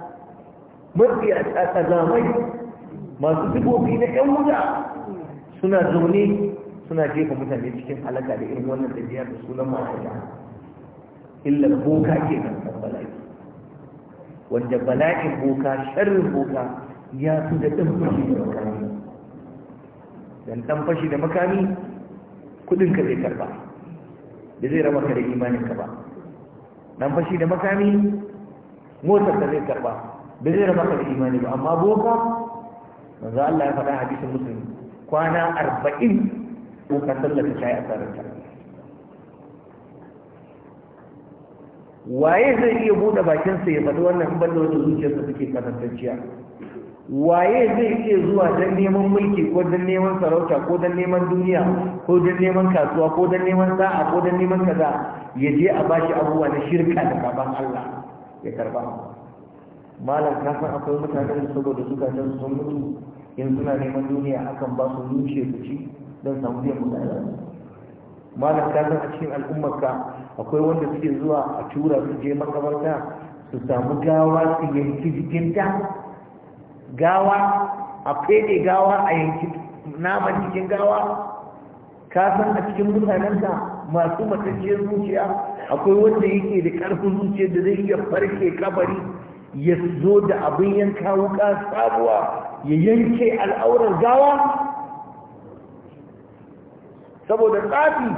mafi a ƙazamai masu sigofi na ƴan wuta suna zaune suna jefa mutane cikin halaka da irin wannan tafiya da sunan ma'aikata illa boka ke nan bala'i wanda bala'in boka sharrin boka ya fi da ɗan fashi da makami dan ɗan fashi da makami kudin ka zai karba da zai raba ka da imanin ka ba ɗan fashi da makami motar ka zai karba bai zai raba ka da imani ba amma boka manzo Allah ya faɗa hadisin musulmi kwana arba'in ko ka sallata ta yi ta waye zai iya buɗe bakinsa ya faɗi wannan in banda wata zuciyarsa take kasantanciya waye zai iya zuwa don neman mulki ko don neman sarauta ko don neman duniya ko don neman kasuwa ko don neman sa'a ko don neman kaza ya je a bashi abubuwa na shirka da kaban Allah ya karba malam ka san akwai mutanen da saboda zukatan sun mutu yanzu na neman duniya akan ba su nushe su ci don samu biyan mutane malam ka san a cikin al'ummarka akwai wanda suke zuwa a tura su je makabarta su samu gawa su yanki jikinta gawa a fede gawa a yanki naman jikin gawa ka san a cikin mutanenka masu matacciyar zuciya akwai wanda yake da ƙarfin zuciya da zai iya farke kabari ya zo da abin yanka wuka sabuwa ya yanke al'aurar gawa saboda tsafi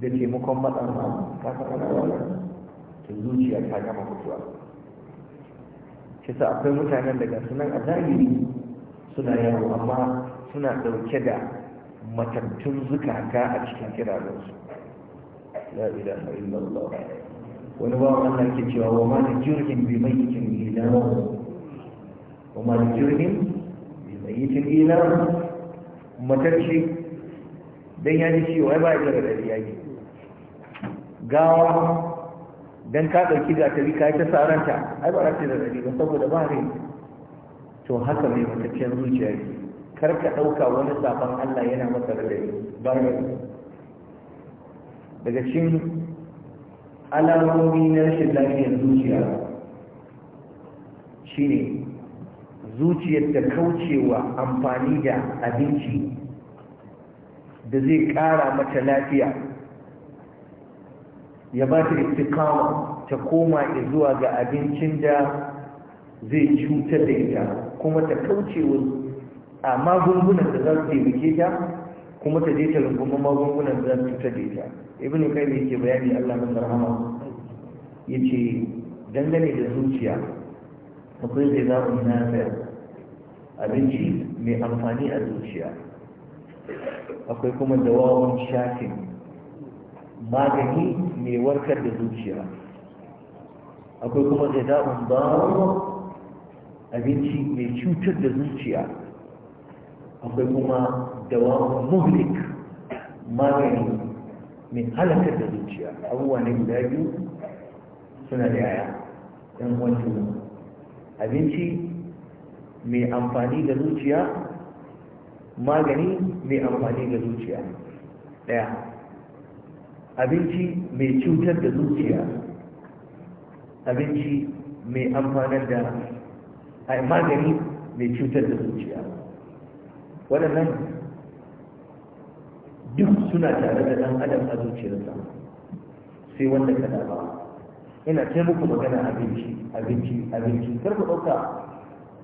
da taimakon ta kasar al'aurar ta zuciya ta gama mutuwa shi sa akwai mutanen daga sunan a zahiri suna yawo amma suna ɗauke da matattun zukata a cikin kirarinsu la'ida lauraya wani ba Allah ke cewa wa ma najirhim bi mayyitin ila wa ma mai bi mayyitin ila matacce dan ya ji ciwo ai ba ya da dadi gawa dan ka dauki bi ka ta saranta ai ba race da dadi ba saboda ba rai to haka mai matacciyar zuciya ne kar ka dauka wani sabon Allah yana masa da dadi ba daga cikin alamomi na rashin lafiyar zuciya Shi ne zuciyar da kaucewa amfani da abinci da zai ƙara mata lafiya ya ba ta istikama ta koma zuwa ga abincin da zai cutar da ita kuma ta kaucewa a magungunan da za su taimake ta kuma ta je ta rungumar magungunan da su ta ita ibn kai ke bayani Allah masa rahama yace dangane da zuciya akwai zai zaɓi na abinci mai amfani a zuciya akwai kuma dawawan shafin magani mai warkar da zuciya akwai kuma zai zaɓin abinci mai cutar da zuciya akwai kuma dawa muhlik magani mai halakar da zuciya abubuwa ne guda biyu suna da yaya ɗan wancan abinci mai amfani da zuciya magani mai amfani da zuciya ɗaya abinci mai cutar da zuciya abinci mai amfanar da magani mai cutar da zuciya waɗannan duk suna tare da ɗan adam a zuciyarsa sai wanda ka dama ina ce muku magana abinci abinci abinci kar ku ɗauka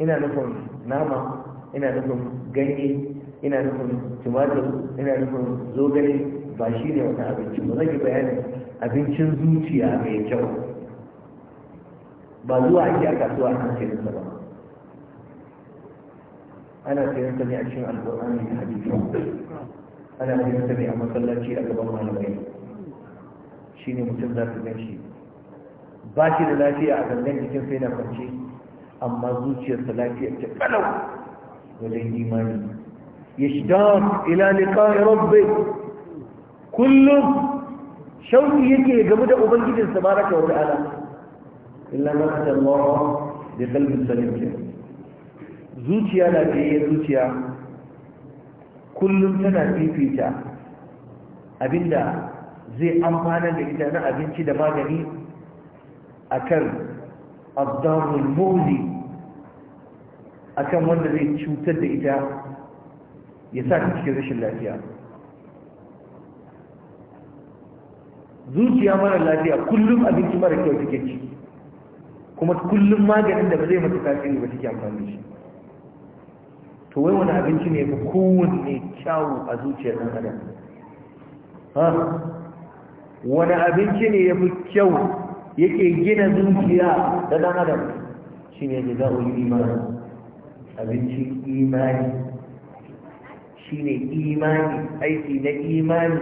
ina nufin nama ina nufin ganye ina nufin tumatir ina nufin zogale ba shi ne wani abinci ba zai bayanin abincin zuciya mai kyau ba zuwa ake a kasuwa a kan ba ana sayan ta ne a cikin alƙur'ani da hadisi ana sayan ta ne a masallaci a gaban malamai shine mutum za ka gan shi ba shi da lafiya a gangan jikin sai na kwance amma zuciyarsa lafiya ta kalau wajen imani ya shida ila liqa'i rabbi kullum shauki yake game da ubangijinsa baraka wa ta'ala illa ma ta Allah bi qalbin salim zuciya lafiyayyar zuciya kullum tana fifita abinda zai amfana da ita na abinci da magani akan abdamul a akan wanda zai cutar da ita ya sa ta cikin rashin lafiya zuciya mara lafiya kullum abinci mara kyau take ci kuma kullum maganin da ba zai mata tasiri ba take amfani da shi to wai wani abinci ne ba kowanne kyawu a zuciyar ɗan adam Ha, wani abinci ne ya fi kyau yake gina zuciya da ɗan adam shi ne da yi imani abinci imani shi ne imani aiki na imani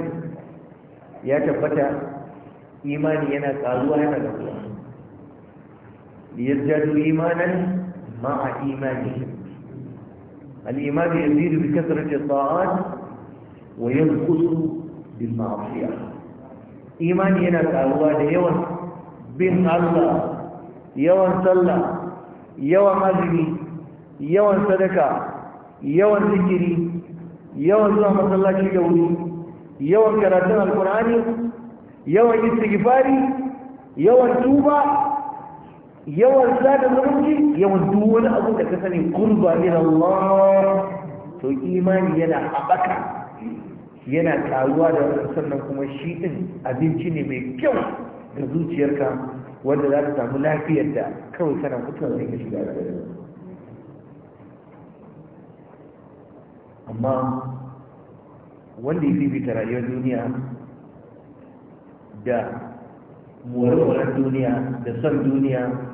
ya tabbata imani yana ƙaruwa yana da kuwa liyar imanan ma'a imani الإيمان يزيد بكثرة الطاعات وينقص بالمعصية إيمان هنا كأهوال يوان بين الله يوان صلى يوان أزمي يوان صدقة يوان ذكري يوان زوام صلى الله عليه يوان كراتنا القرآن يوان يستغفاري يوان توبة yawan sada zumunci yawan duk wani abu da ka sani kurba ila Allah to imani yana haɓaka yana karuwa da sannan kuma shi din abinci ne mai kyau ga zuciyarka wanda za ta samu lafiyar da kawai kana mutuwa zai ka shiga da amma wanda ya fifita rayuwar duniya da morewar duniya da son duniya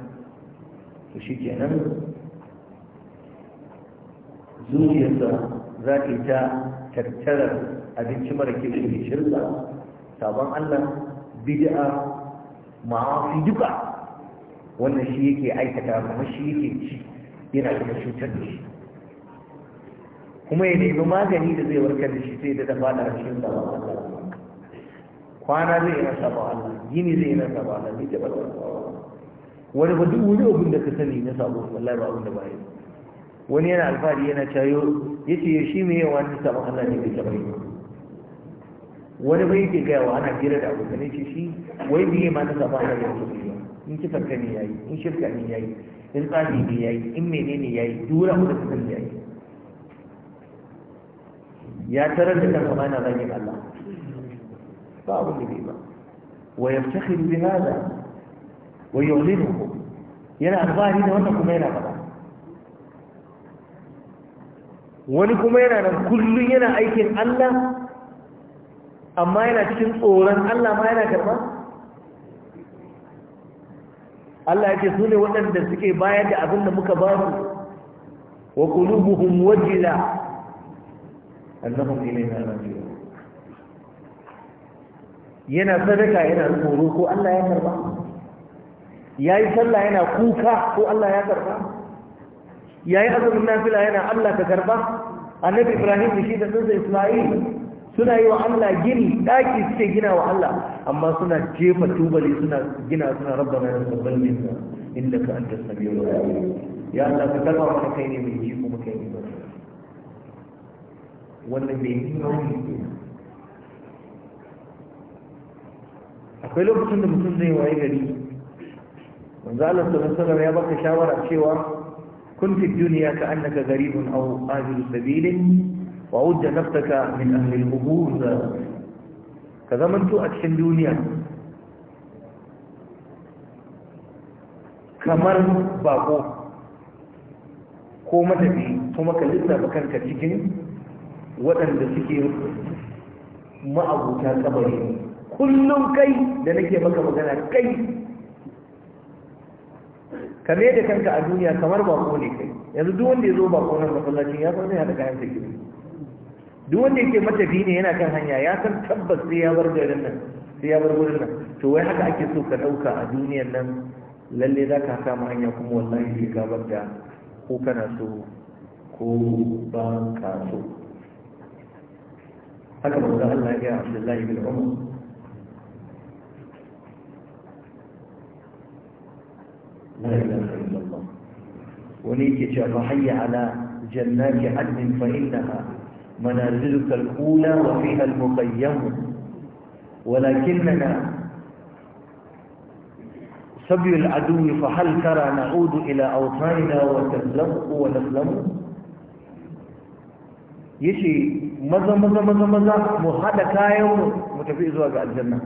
to shi kenan zuciyarsa za ta ta tattarar abinci mara kirki mai shirka sabon allah bid'a ma'afi duka wannan shi yake aikata kuma shi yake ci yana kuma cutar da shi kuma ya nemi magani da zai warkar da shi sai da dafa da rashin sabon allah kwana zai yana sabon allah gini zai yana sabon allah bai taɓa sabon allah wani ba duk wani abin da ka sani na sabo wallahi ba abin da ba yi wani yana alfahari yana cayo yace ya shi mai yawa ne sabon Allah ne bai taba yi wani bai yake gaya wa ana gira da abokan ce shi wai biye ma na sabon Allah ne bai yi in kifar ka ne yi, in shirka ne ya yi, in tsari ne ya yi, in menene yi, dura mu da kasan sani ya yi. Ya tarar da kansa ma yana zagin Allah ba abin da bai ba wa yaftakhiru bi hada wa yu'linuhu yana alfahari da wannan kuma yana faɗa wani kuma yana nan kullum yana aikin Allah amma yana cikin tsoron Allah ma yana karɓa Allah ya ce su ne waɗanda suke bayar da abin da muka ba su wa qulubuhum wajila annahum ilayna raji'un yana sadaka yana tsoro ko Allah ya karɓa ya yi sallah yana kuka ko Allah ya karba ya yi azumin nafila yana Allah ka karba annabi ibrahim da shi da ɗansa isma'il suna yi wa Allah gini ɗaki suke gina wa Allah amma suna jefa tubali suna gina suna rabba na sabbin nisa inda ka anta sabiyo ya Allah ka karba wani kai ne mai jiko maka yi ne ba wannan bai yi nauyi akwai lokacin da mutum zai waye gari manzo sallallahu alaihi ya baka shawara cewa kun fi duniya ka annaka garibun aw azilu sabilin wa udda nafsaka min ahli al-ubur ka zamanto a cikin duniya kamar bako ko matafi kuma ka lissafa kanka cikin waɗanda suke ma'abuta kabari kullum kai da nake maka magana kai ka mai da kanka a duniya kamar bako ne kai yanzu duk wanda ya zo bako nan masallacin ya san zai haɗa kayan sa gidan duk wanda yake matafi ne yana kan hanya ya san tabbas sai ya bar garin nan sai ya bar gurin nan to wai haka ake so ka ɗauka a duniyan nan lalle za ka samu hanya kuma wallahi sai gabar da ko kana so ko ba ka so haka manzo Allah ya ga Abdullahi bin Umar لا إله إلا الله ونيتك فحي على جنات عدن فإنها منازلك الأولى وفيها المقيم ولكننا سبي العدو فهل ترى نعود إلى أوطاننا وتزلق ونظلم يشي مزا مزا مزا مزا محادة كايو متفئزوا زواج الجنة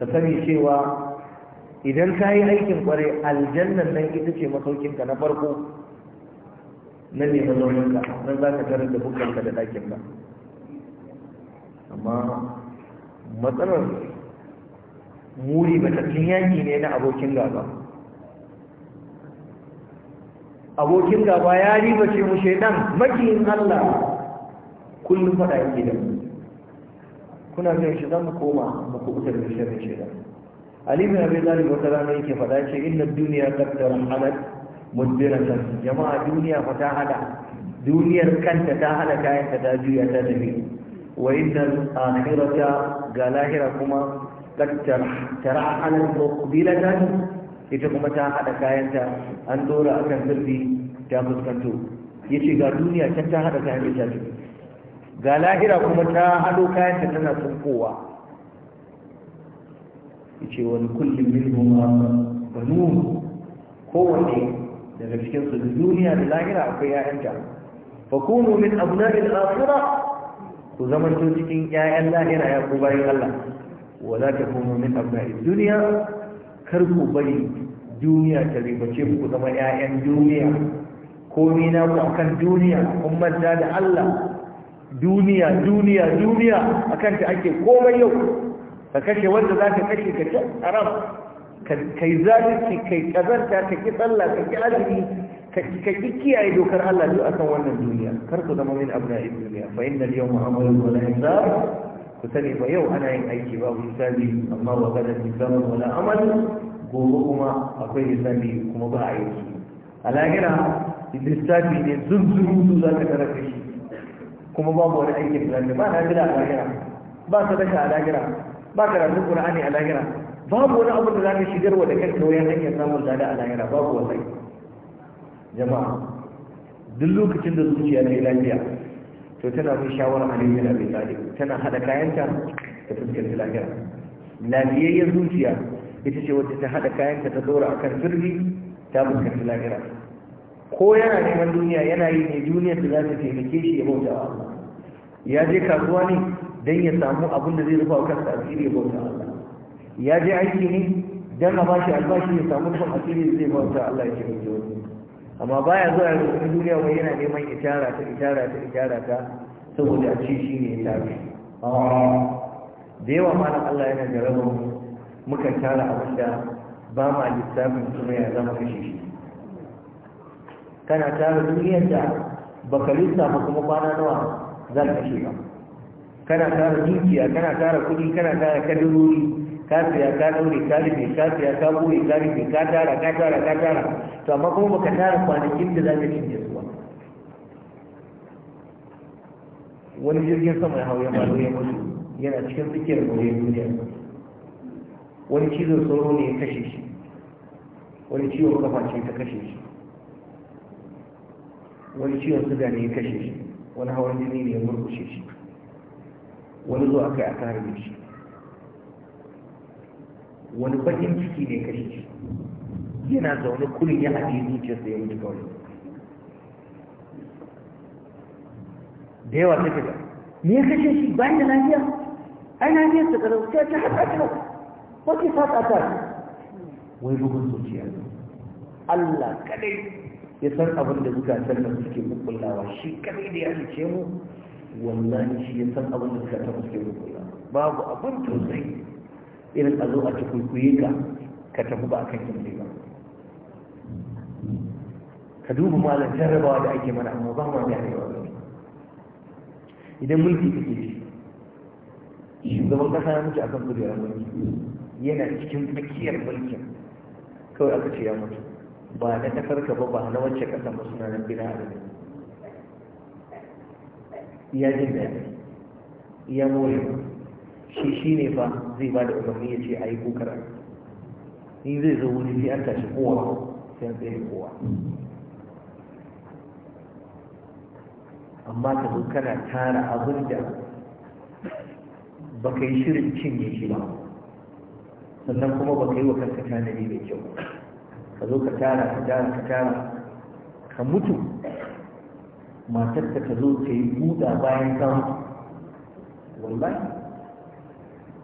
تسمي شيوا idan ka yi aikin kware, aljannan nan ita ce masaukinka na farko nan ne mazauninka nan za ka tarar da bukanka da ɗakin ka. amma matsalar muri matakin yaki ne na abokin gaba abokin gaba ya riba ce mu shaidan makiyin allah kullum faɗa yake da kuna zai shi zan koma mu kubutar da shirin shaidan ali bin abi talib wata rana yake faɗa ce inna duniya qad tarhalat mudbiratan jama'a duniya fa ta hada duniyar kanta ta hada kayan ta juya ta tafi wa inna akhirata ga lahira kuma qad tarhalat muqbilatan ita kuma ta hada kayanta an dora akan sirri ta fuskanto yace ga duniya can ta hada kayan ta ga lahira kuma ta hado kayan ta tana tsunkowa ce wani kullum minhum banun kowanne daga cikinsu, su duniya da lahira akwai 'ya'yanta. Ba kunu min abna'il akhirah ku zamanto cikin yayan lahira ya ku bayin Allah ta takunu min abna'id duniya? kar ku bari duniya ta ribace ku zama 'ya'yan duniya komai na ku akan duniya kun manta da Allah duniya duniya duniya akan ta ake komai yau ka kashe wanda za ka kashe ka ci haram ka yi zalunci ka yi ƙazanta ka ki tsalla ka ki azumi ka ki kiyaye dokar Allah duk akan wannan duniya kar ku zama min abu na yin duniya fa inna al-yawma amalan hisab ku sani ba yau ana yin aiki babu hisabi amma wa kada hisabun wala amal gobe kuma akwai hisabi kuma ba a yi a lahira lissafi ne zunzuru za ka tara kashi kuma babu wani aikin da ba na gida a lahira ba sadaka a lahira ba ka karatun qur'ani a lahira babu wani abu da za ka wa da ta wayan hanyar samun tsada a lahira babu wasai jama'a duk lokacin da zuciya na lafiya to tana fi shawara a lafiya mai tsari tana hada kayanta da fuskanci lahira lafiyayyar zuciya ita ce wacce ta hada kayanta ta dora a kan sirri ta fuskanci lahira ko yana neman duniya yana yi ne duniya da za ta taimake shi ya bauta Allah ya je kasuwa ne don ya samu abin da zai rufa wa kansa asiri ya bauta Allah ya je aiki ne don a bashi albashi ya samu rufin asiri zai bauta Allah ya shirin jiwon amma baya zuwa ya rufe duniya wai yana neman ishara ta ishara ta ishara ta saboda a ci shi ne ya tafi da yawa malam Allah yana jarabar muka tara abin da ba ma lissafin kuma ya zama kashe shi kana tara duniyar da baka lissafa kuma kwana nawa za ka kashe ba kana tara dukiya kana tara kudi kana tara kadarori ka siya ka ɗaure ka rufe ka siya ka ɓoye ka rufe ka tara ka tara ka tara to amma kuma baka tara kwanakin da za ka cinye su ba wani jirgin sama ya hau ya malo ya mutu yana cikin tsakiyar goyon duniya wani cizon sauro ne ya kashe shi wani ciwon kafa ce ta kashe shi wani ciwon suga ne ya kashe shi wani hawan jini ne ya murkushe shi wani zuwa kai a harbe shi wani bakin ciki ne kashe shi yana zaune kullum ya haɗe zuciyarsa ya mutu kawai da yawa ta ga me ya kashe shi bayan da lafiya ai lafiyar ta karau ta ta haɗa ta wace fata ta wai bugun zuciya Allah kadai ya san abin da zukatan nan suke kukkullawa shi kadai da ya halice mu wallahi shi ya san abin da suka taɓa suke rubuta babu abin tausayi irin a zo a ci kwaikwaye ka ka tafi ba a kan kimle ba ka duba malam jarrabawa da ake mana amma ba ma ganewa ba idan mulki kake ci shugaban kasa ya mutu akan kujerar mulki yana cikin tsakiyar mulkin kawai aka ce ya mutu ba na kasar ka ba ba na wacce kasa ba suna nan gina a iya jin daɗi iya more shi shi ne fa zai ba da umarni ya ce a yi kokara in zai zo wuri sai an tashi kowa sai an tsaye kowa amma ka zo kana tara abin da ba ka yi shirin cinye shi ba sannan kuma ba ka yi wa kanka tanadi mai kyau ka zo ka tara ka tara ka tara ka mutu matar ka ta zo ta yi buɗa bayan kan wallahi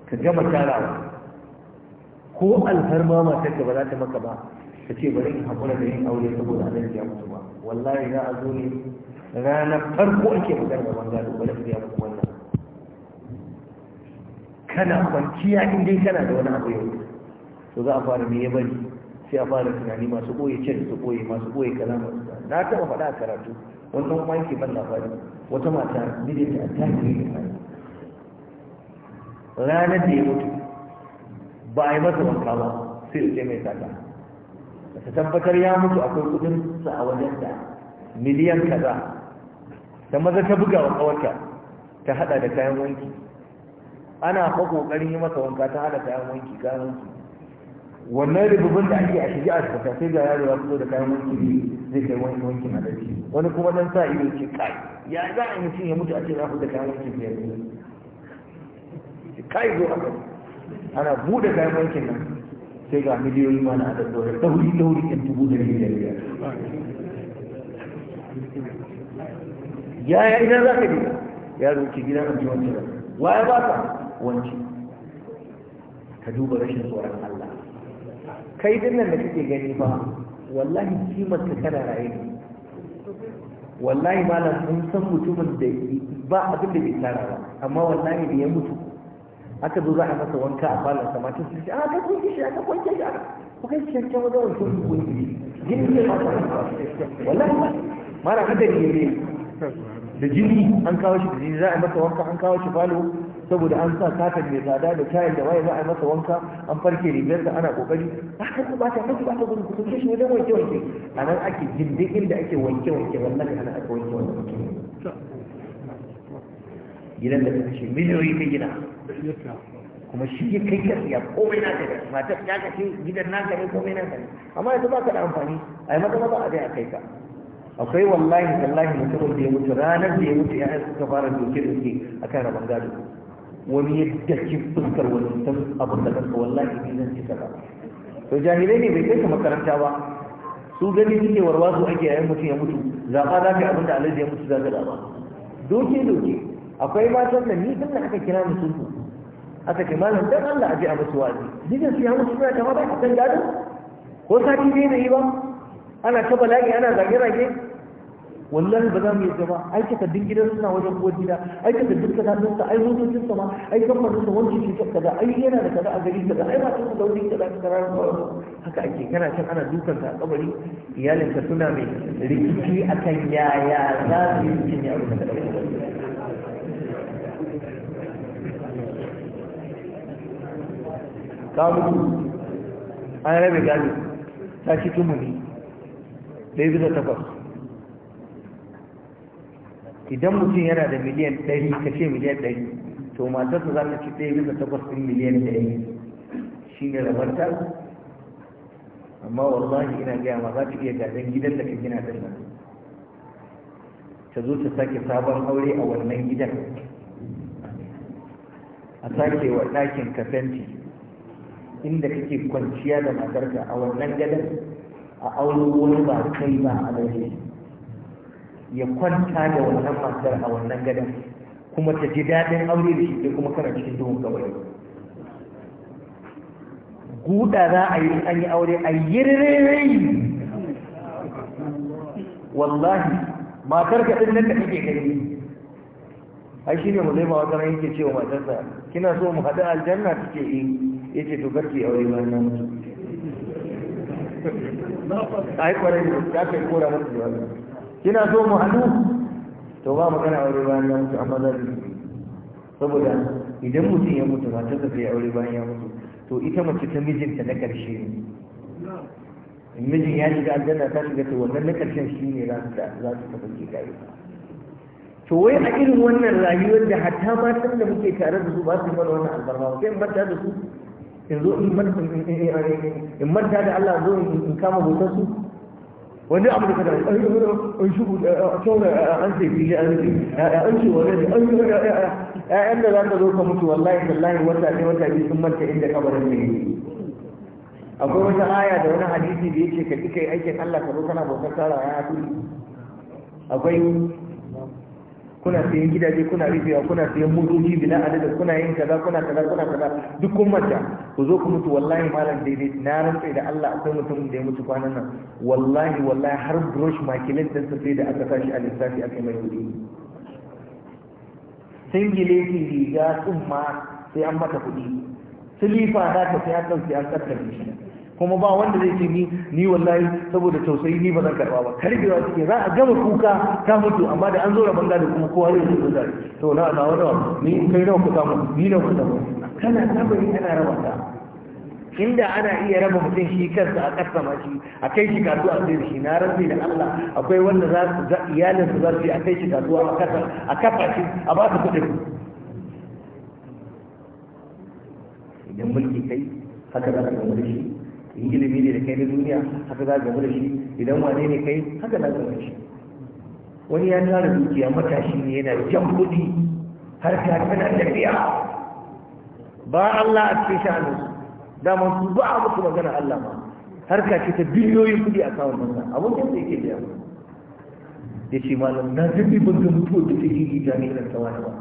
ka gama tarawa ko alfarma matar ka ba za ta maka ba ka ce bari in haƙura da yin aure saboda annabi ya mutu ba wallahi za a zo ne ranar farko ake magana da wanda da wani ya mutu wannan kana kwanciya in dai kana da wani abu yau to za a fara me ya bari sai a fara tunani masu ɓoye cin su ɓoye masu ɓoye kalamar na taɓa faɗa a karatu wannan kuma ke ban labari wata mata mijinta ta yi da fari ranar da ya mutu ba a yi masa wanka ba sai da ce mai sata ta tabbatar ya mutu akwai kudin sa a wajen da miliyan kaza da maza ta buga wa kawarta ta hada da kayan wanki ana fa kokarin yi masa wanka ta hada kayan wanki kayan wanki wannan rububin da ake a shige a shiga sai ga yaro ya fito da kayan wanki ne zai kai wani wankin a dace wani kuma dan sa ido ce kai ya za a mutum ya mutu a ce za da kayan wankin biyar ne kai zo haka ana buɗe kayan wankin nan sai ga miliyoyi na a da dauri dauri in dubu da miliyan biyar yaya idan za ka yi yaro ke gidan abin wancan waya ba ka wanci ka duba rashin tsoron Allah kai dinnan da kake gani ba wallahi kimar ka kana raye wallahi malam sun san mutumin da ba abin da bai tara ba amma wallahi da ya mutu aka zo za a masa wanka a falon sa mata su ce a ah, ka kwanke shi a ka kwanke shi a ka kuka shi cancan wajen wanke su kwanke jini ne mata wallahi mara hadari ne da jini an kawo shi da jini za a masa wanka an kawo shi falo saboda an sa katon mai tsada da kayan da waye za a masa wanka an farke da ana kokari haka ku bata miki bata gudu ku kunce shi wajen wanke wanke a nan ake jindigin da ake wanke wanke wallahi ana aka wanke wanke gidan da shi miliyoyi ka gina kuma shi ya kai ka siya komai na ne matar ya kashe gidan na ne komai na ne amma yanzu ba ka da amfani a yi mata maza a zai a kai ka akwai wallahi wallahi mutumin da ya mutu ranar da ya mutu ya suka fara doke da suke kan rabon gado wani yadda ki fuskar wani ta abin da kanka wallahi ni zan ci kaza to jahilai ne bai kai ka makaranta ba su gani suke su ake yayin mutum ya mutu zaba za ka abin da alaji ya mutu za ka zaba doke doke akwai matan da ni tun da aka kira ni sun aka ce malam dan Allah aje a musu wazi gidan su ya mutu suna ta ma ba a kan gado ko sati ne yi ba ana ta bala'i ana zage-zage Wallan ba za mu yi ba ai takardun gidan suna wajen uwar gida ai takardun kaza sun sa ai motocin sa sama, ai kamfanin sa wancan shi kaza ai yana da kaza a gari kaza ai ba sun da wani kaza kaza haka ake kana can ana dukan ka a kabari iyalin ka suna mai rikici akan yaya za su yi cikin yaro da kaza ka mutu an rabe gado ta ci tumuni ɗaya bisa takwas idan mutum yana da miliyan ɗari ka ce miliyan ɗari to matarsa za ta ci ɗaya bisa takwas ɗin miliyan ɗari shi ne rabarta amma wallahi ina gaya ma za ta iya gadon gidan da ka gina da nan ta zo ta sake sabon aure a wannan gidan a sake wa ɗakin ka inda kake kwanciya da matarka a wannan gadon a auro wani ba kai ba a lalle ya kwanta da wannan matar a wannan gadon kuma ta ji daɗin aure da shi sai kuma kana cikin duhun kabari guda za a yi an yi aure a yi wallahi matar ka ɗin nan da kake gani ai shi ne mulai mawa ran yake cewa matarsa kina so mu haɗu aljanna suke yi eh. ya ce to garki aure ba na mutu a kwarai da ta kai kora mutu da wani kina so mu haɗu to ba mu kana aure bayan ya mutu amma za su saboda idan mutum ya mutu ba ta sai aure bayan ya mutu to ita mace ta mijinta na ƙarshe ne mijin ya shiga aljanna ta shiga to wannan na ƙarshen shi ne za su ke gari to wai a irin wannan rayuwar da hatta matan da muke tare da su ba su mana wannan albarma sai in bar da su in zo in manta da Allah zo in kama bautar su wani abu da kada an yi an shi a taura an sai fili an yi an shi wani an yi ƴaƴan da za ka zo ka mutu wallahi wallahi wata ne wata biyu sun manta inda kabarin ne akwai wata aya da wani hadisi da yake ka kika yi aikin Allah ka zo kana bautar tara ya akwai kuna sayan gidaje kuna rufewa kuna sayan motoci bila adadin kuna yin kaza kuna kaza kuna kaza duk kun mata ku zo ku mutu wallahi malam daidai na rantsa da Allah akwai mutum da ya mutu kwanan nan wallahi wallahi har brush makilin da sai da aka tashi a lissafi aka mai kuɗi singileti riga tsumma sai an mata kuɗi silifa za ta sai an ɗauki shi kuma ba wanda zai ce ni ni wallahi saboda tausayi ni ba zan karba ba karbewa suke za a gama kuka ta mutu amma da an zo banga da kuma kowa zai zo da to na na wani ni kai nawa ku samu ni nawa ku samu kana tabari ana raba ta inda ana iya raba mutum shi kansa a kasama shi a kai shi kasuwa a sai shi na rantsi da Allah akwai wanda za su za su yi a kai shi kasuwa a kasa a kafa shi a ba su kuɗin idan mulki kai haka za ka yi da shi in ilimi ne da kai na duniya haka za ka da shi idan wane ne kai haka za ka da shi wani ya tara dukiya matashi ne yana jan kudi har ta tana tafiya ba Allah a cikin shanu mun su ba mu musu magana Allah ba harka ce ta biliyoyin kuɗi a kawon nan abin da yake biya ya ce malam na zabi ban ga mutuwa da take yi jami'an tawana ba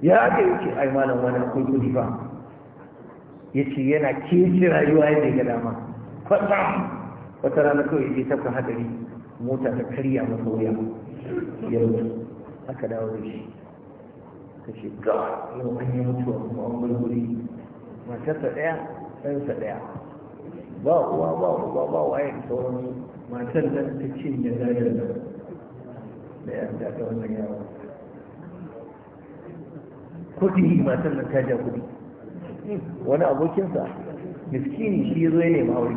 ya ake yake ce ai malam wani akwai ba ya ce yana keci rayuwa ya ga dama kwatsam wata rana kawai ya tafka hadari mota ta karya masa wuya ya mutu aka dawo da shi ta ce ga yau an yi mutuwa kuma an gulguri matarsa ɗaya ɗansa ɗaya ba uwa ba uba ba ya da wani matar da ta cin da zagar da da ya ta wannan yawon kudi matar nan ta ja kudi wani abokinsa miskini shi ya zo ya nemi aure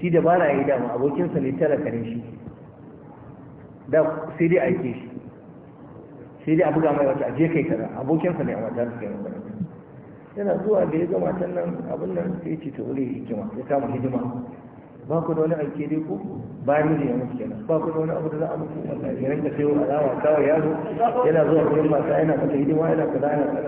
shi da bara yi dama abokinsa ne tara ne shi da sai dai aike shi sai dai a buga mai wata aje kai kaza abokinsa ne a wata su kai wata yana zuwa da ya gama can nan abin nan sai ce ta wuri hikima ya kama hidima ba ku da wani aike dai ku ba ni ne yanzu kenan ba ku da wani abu da za a muku wallahi ya rinka wa alama kawai yaro yana zuwa gurin masa yana mata hidima yana kaza yana kaza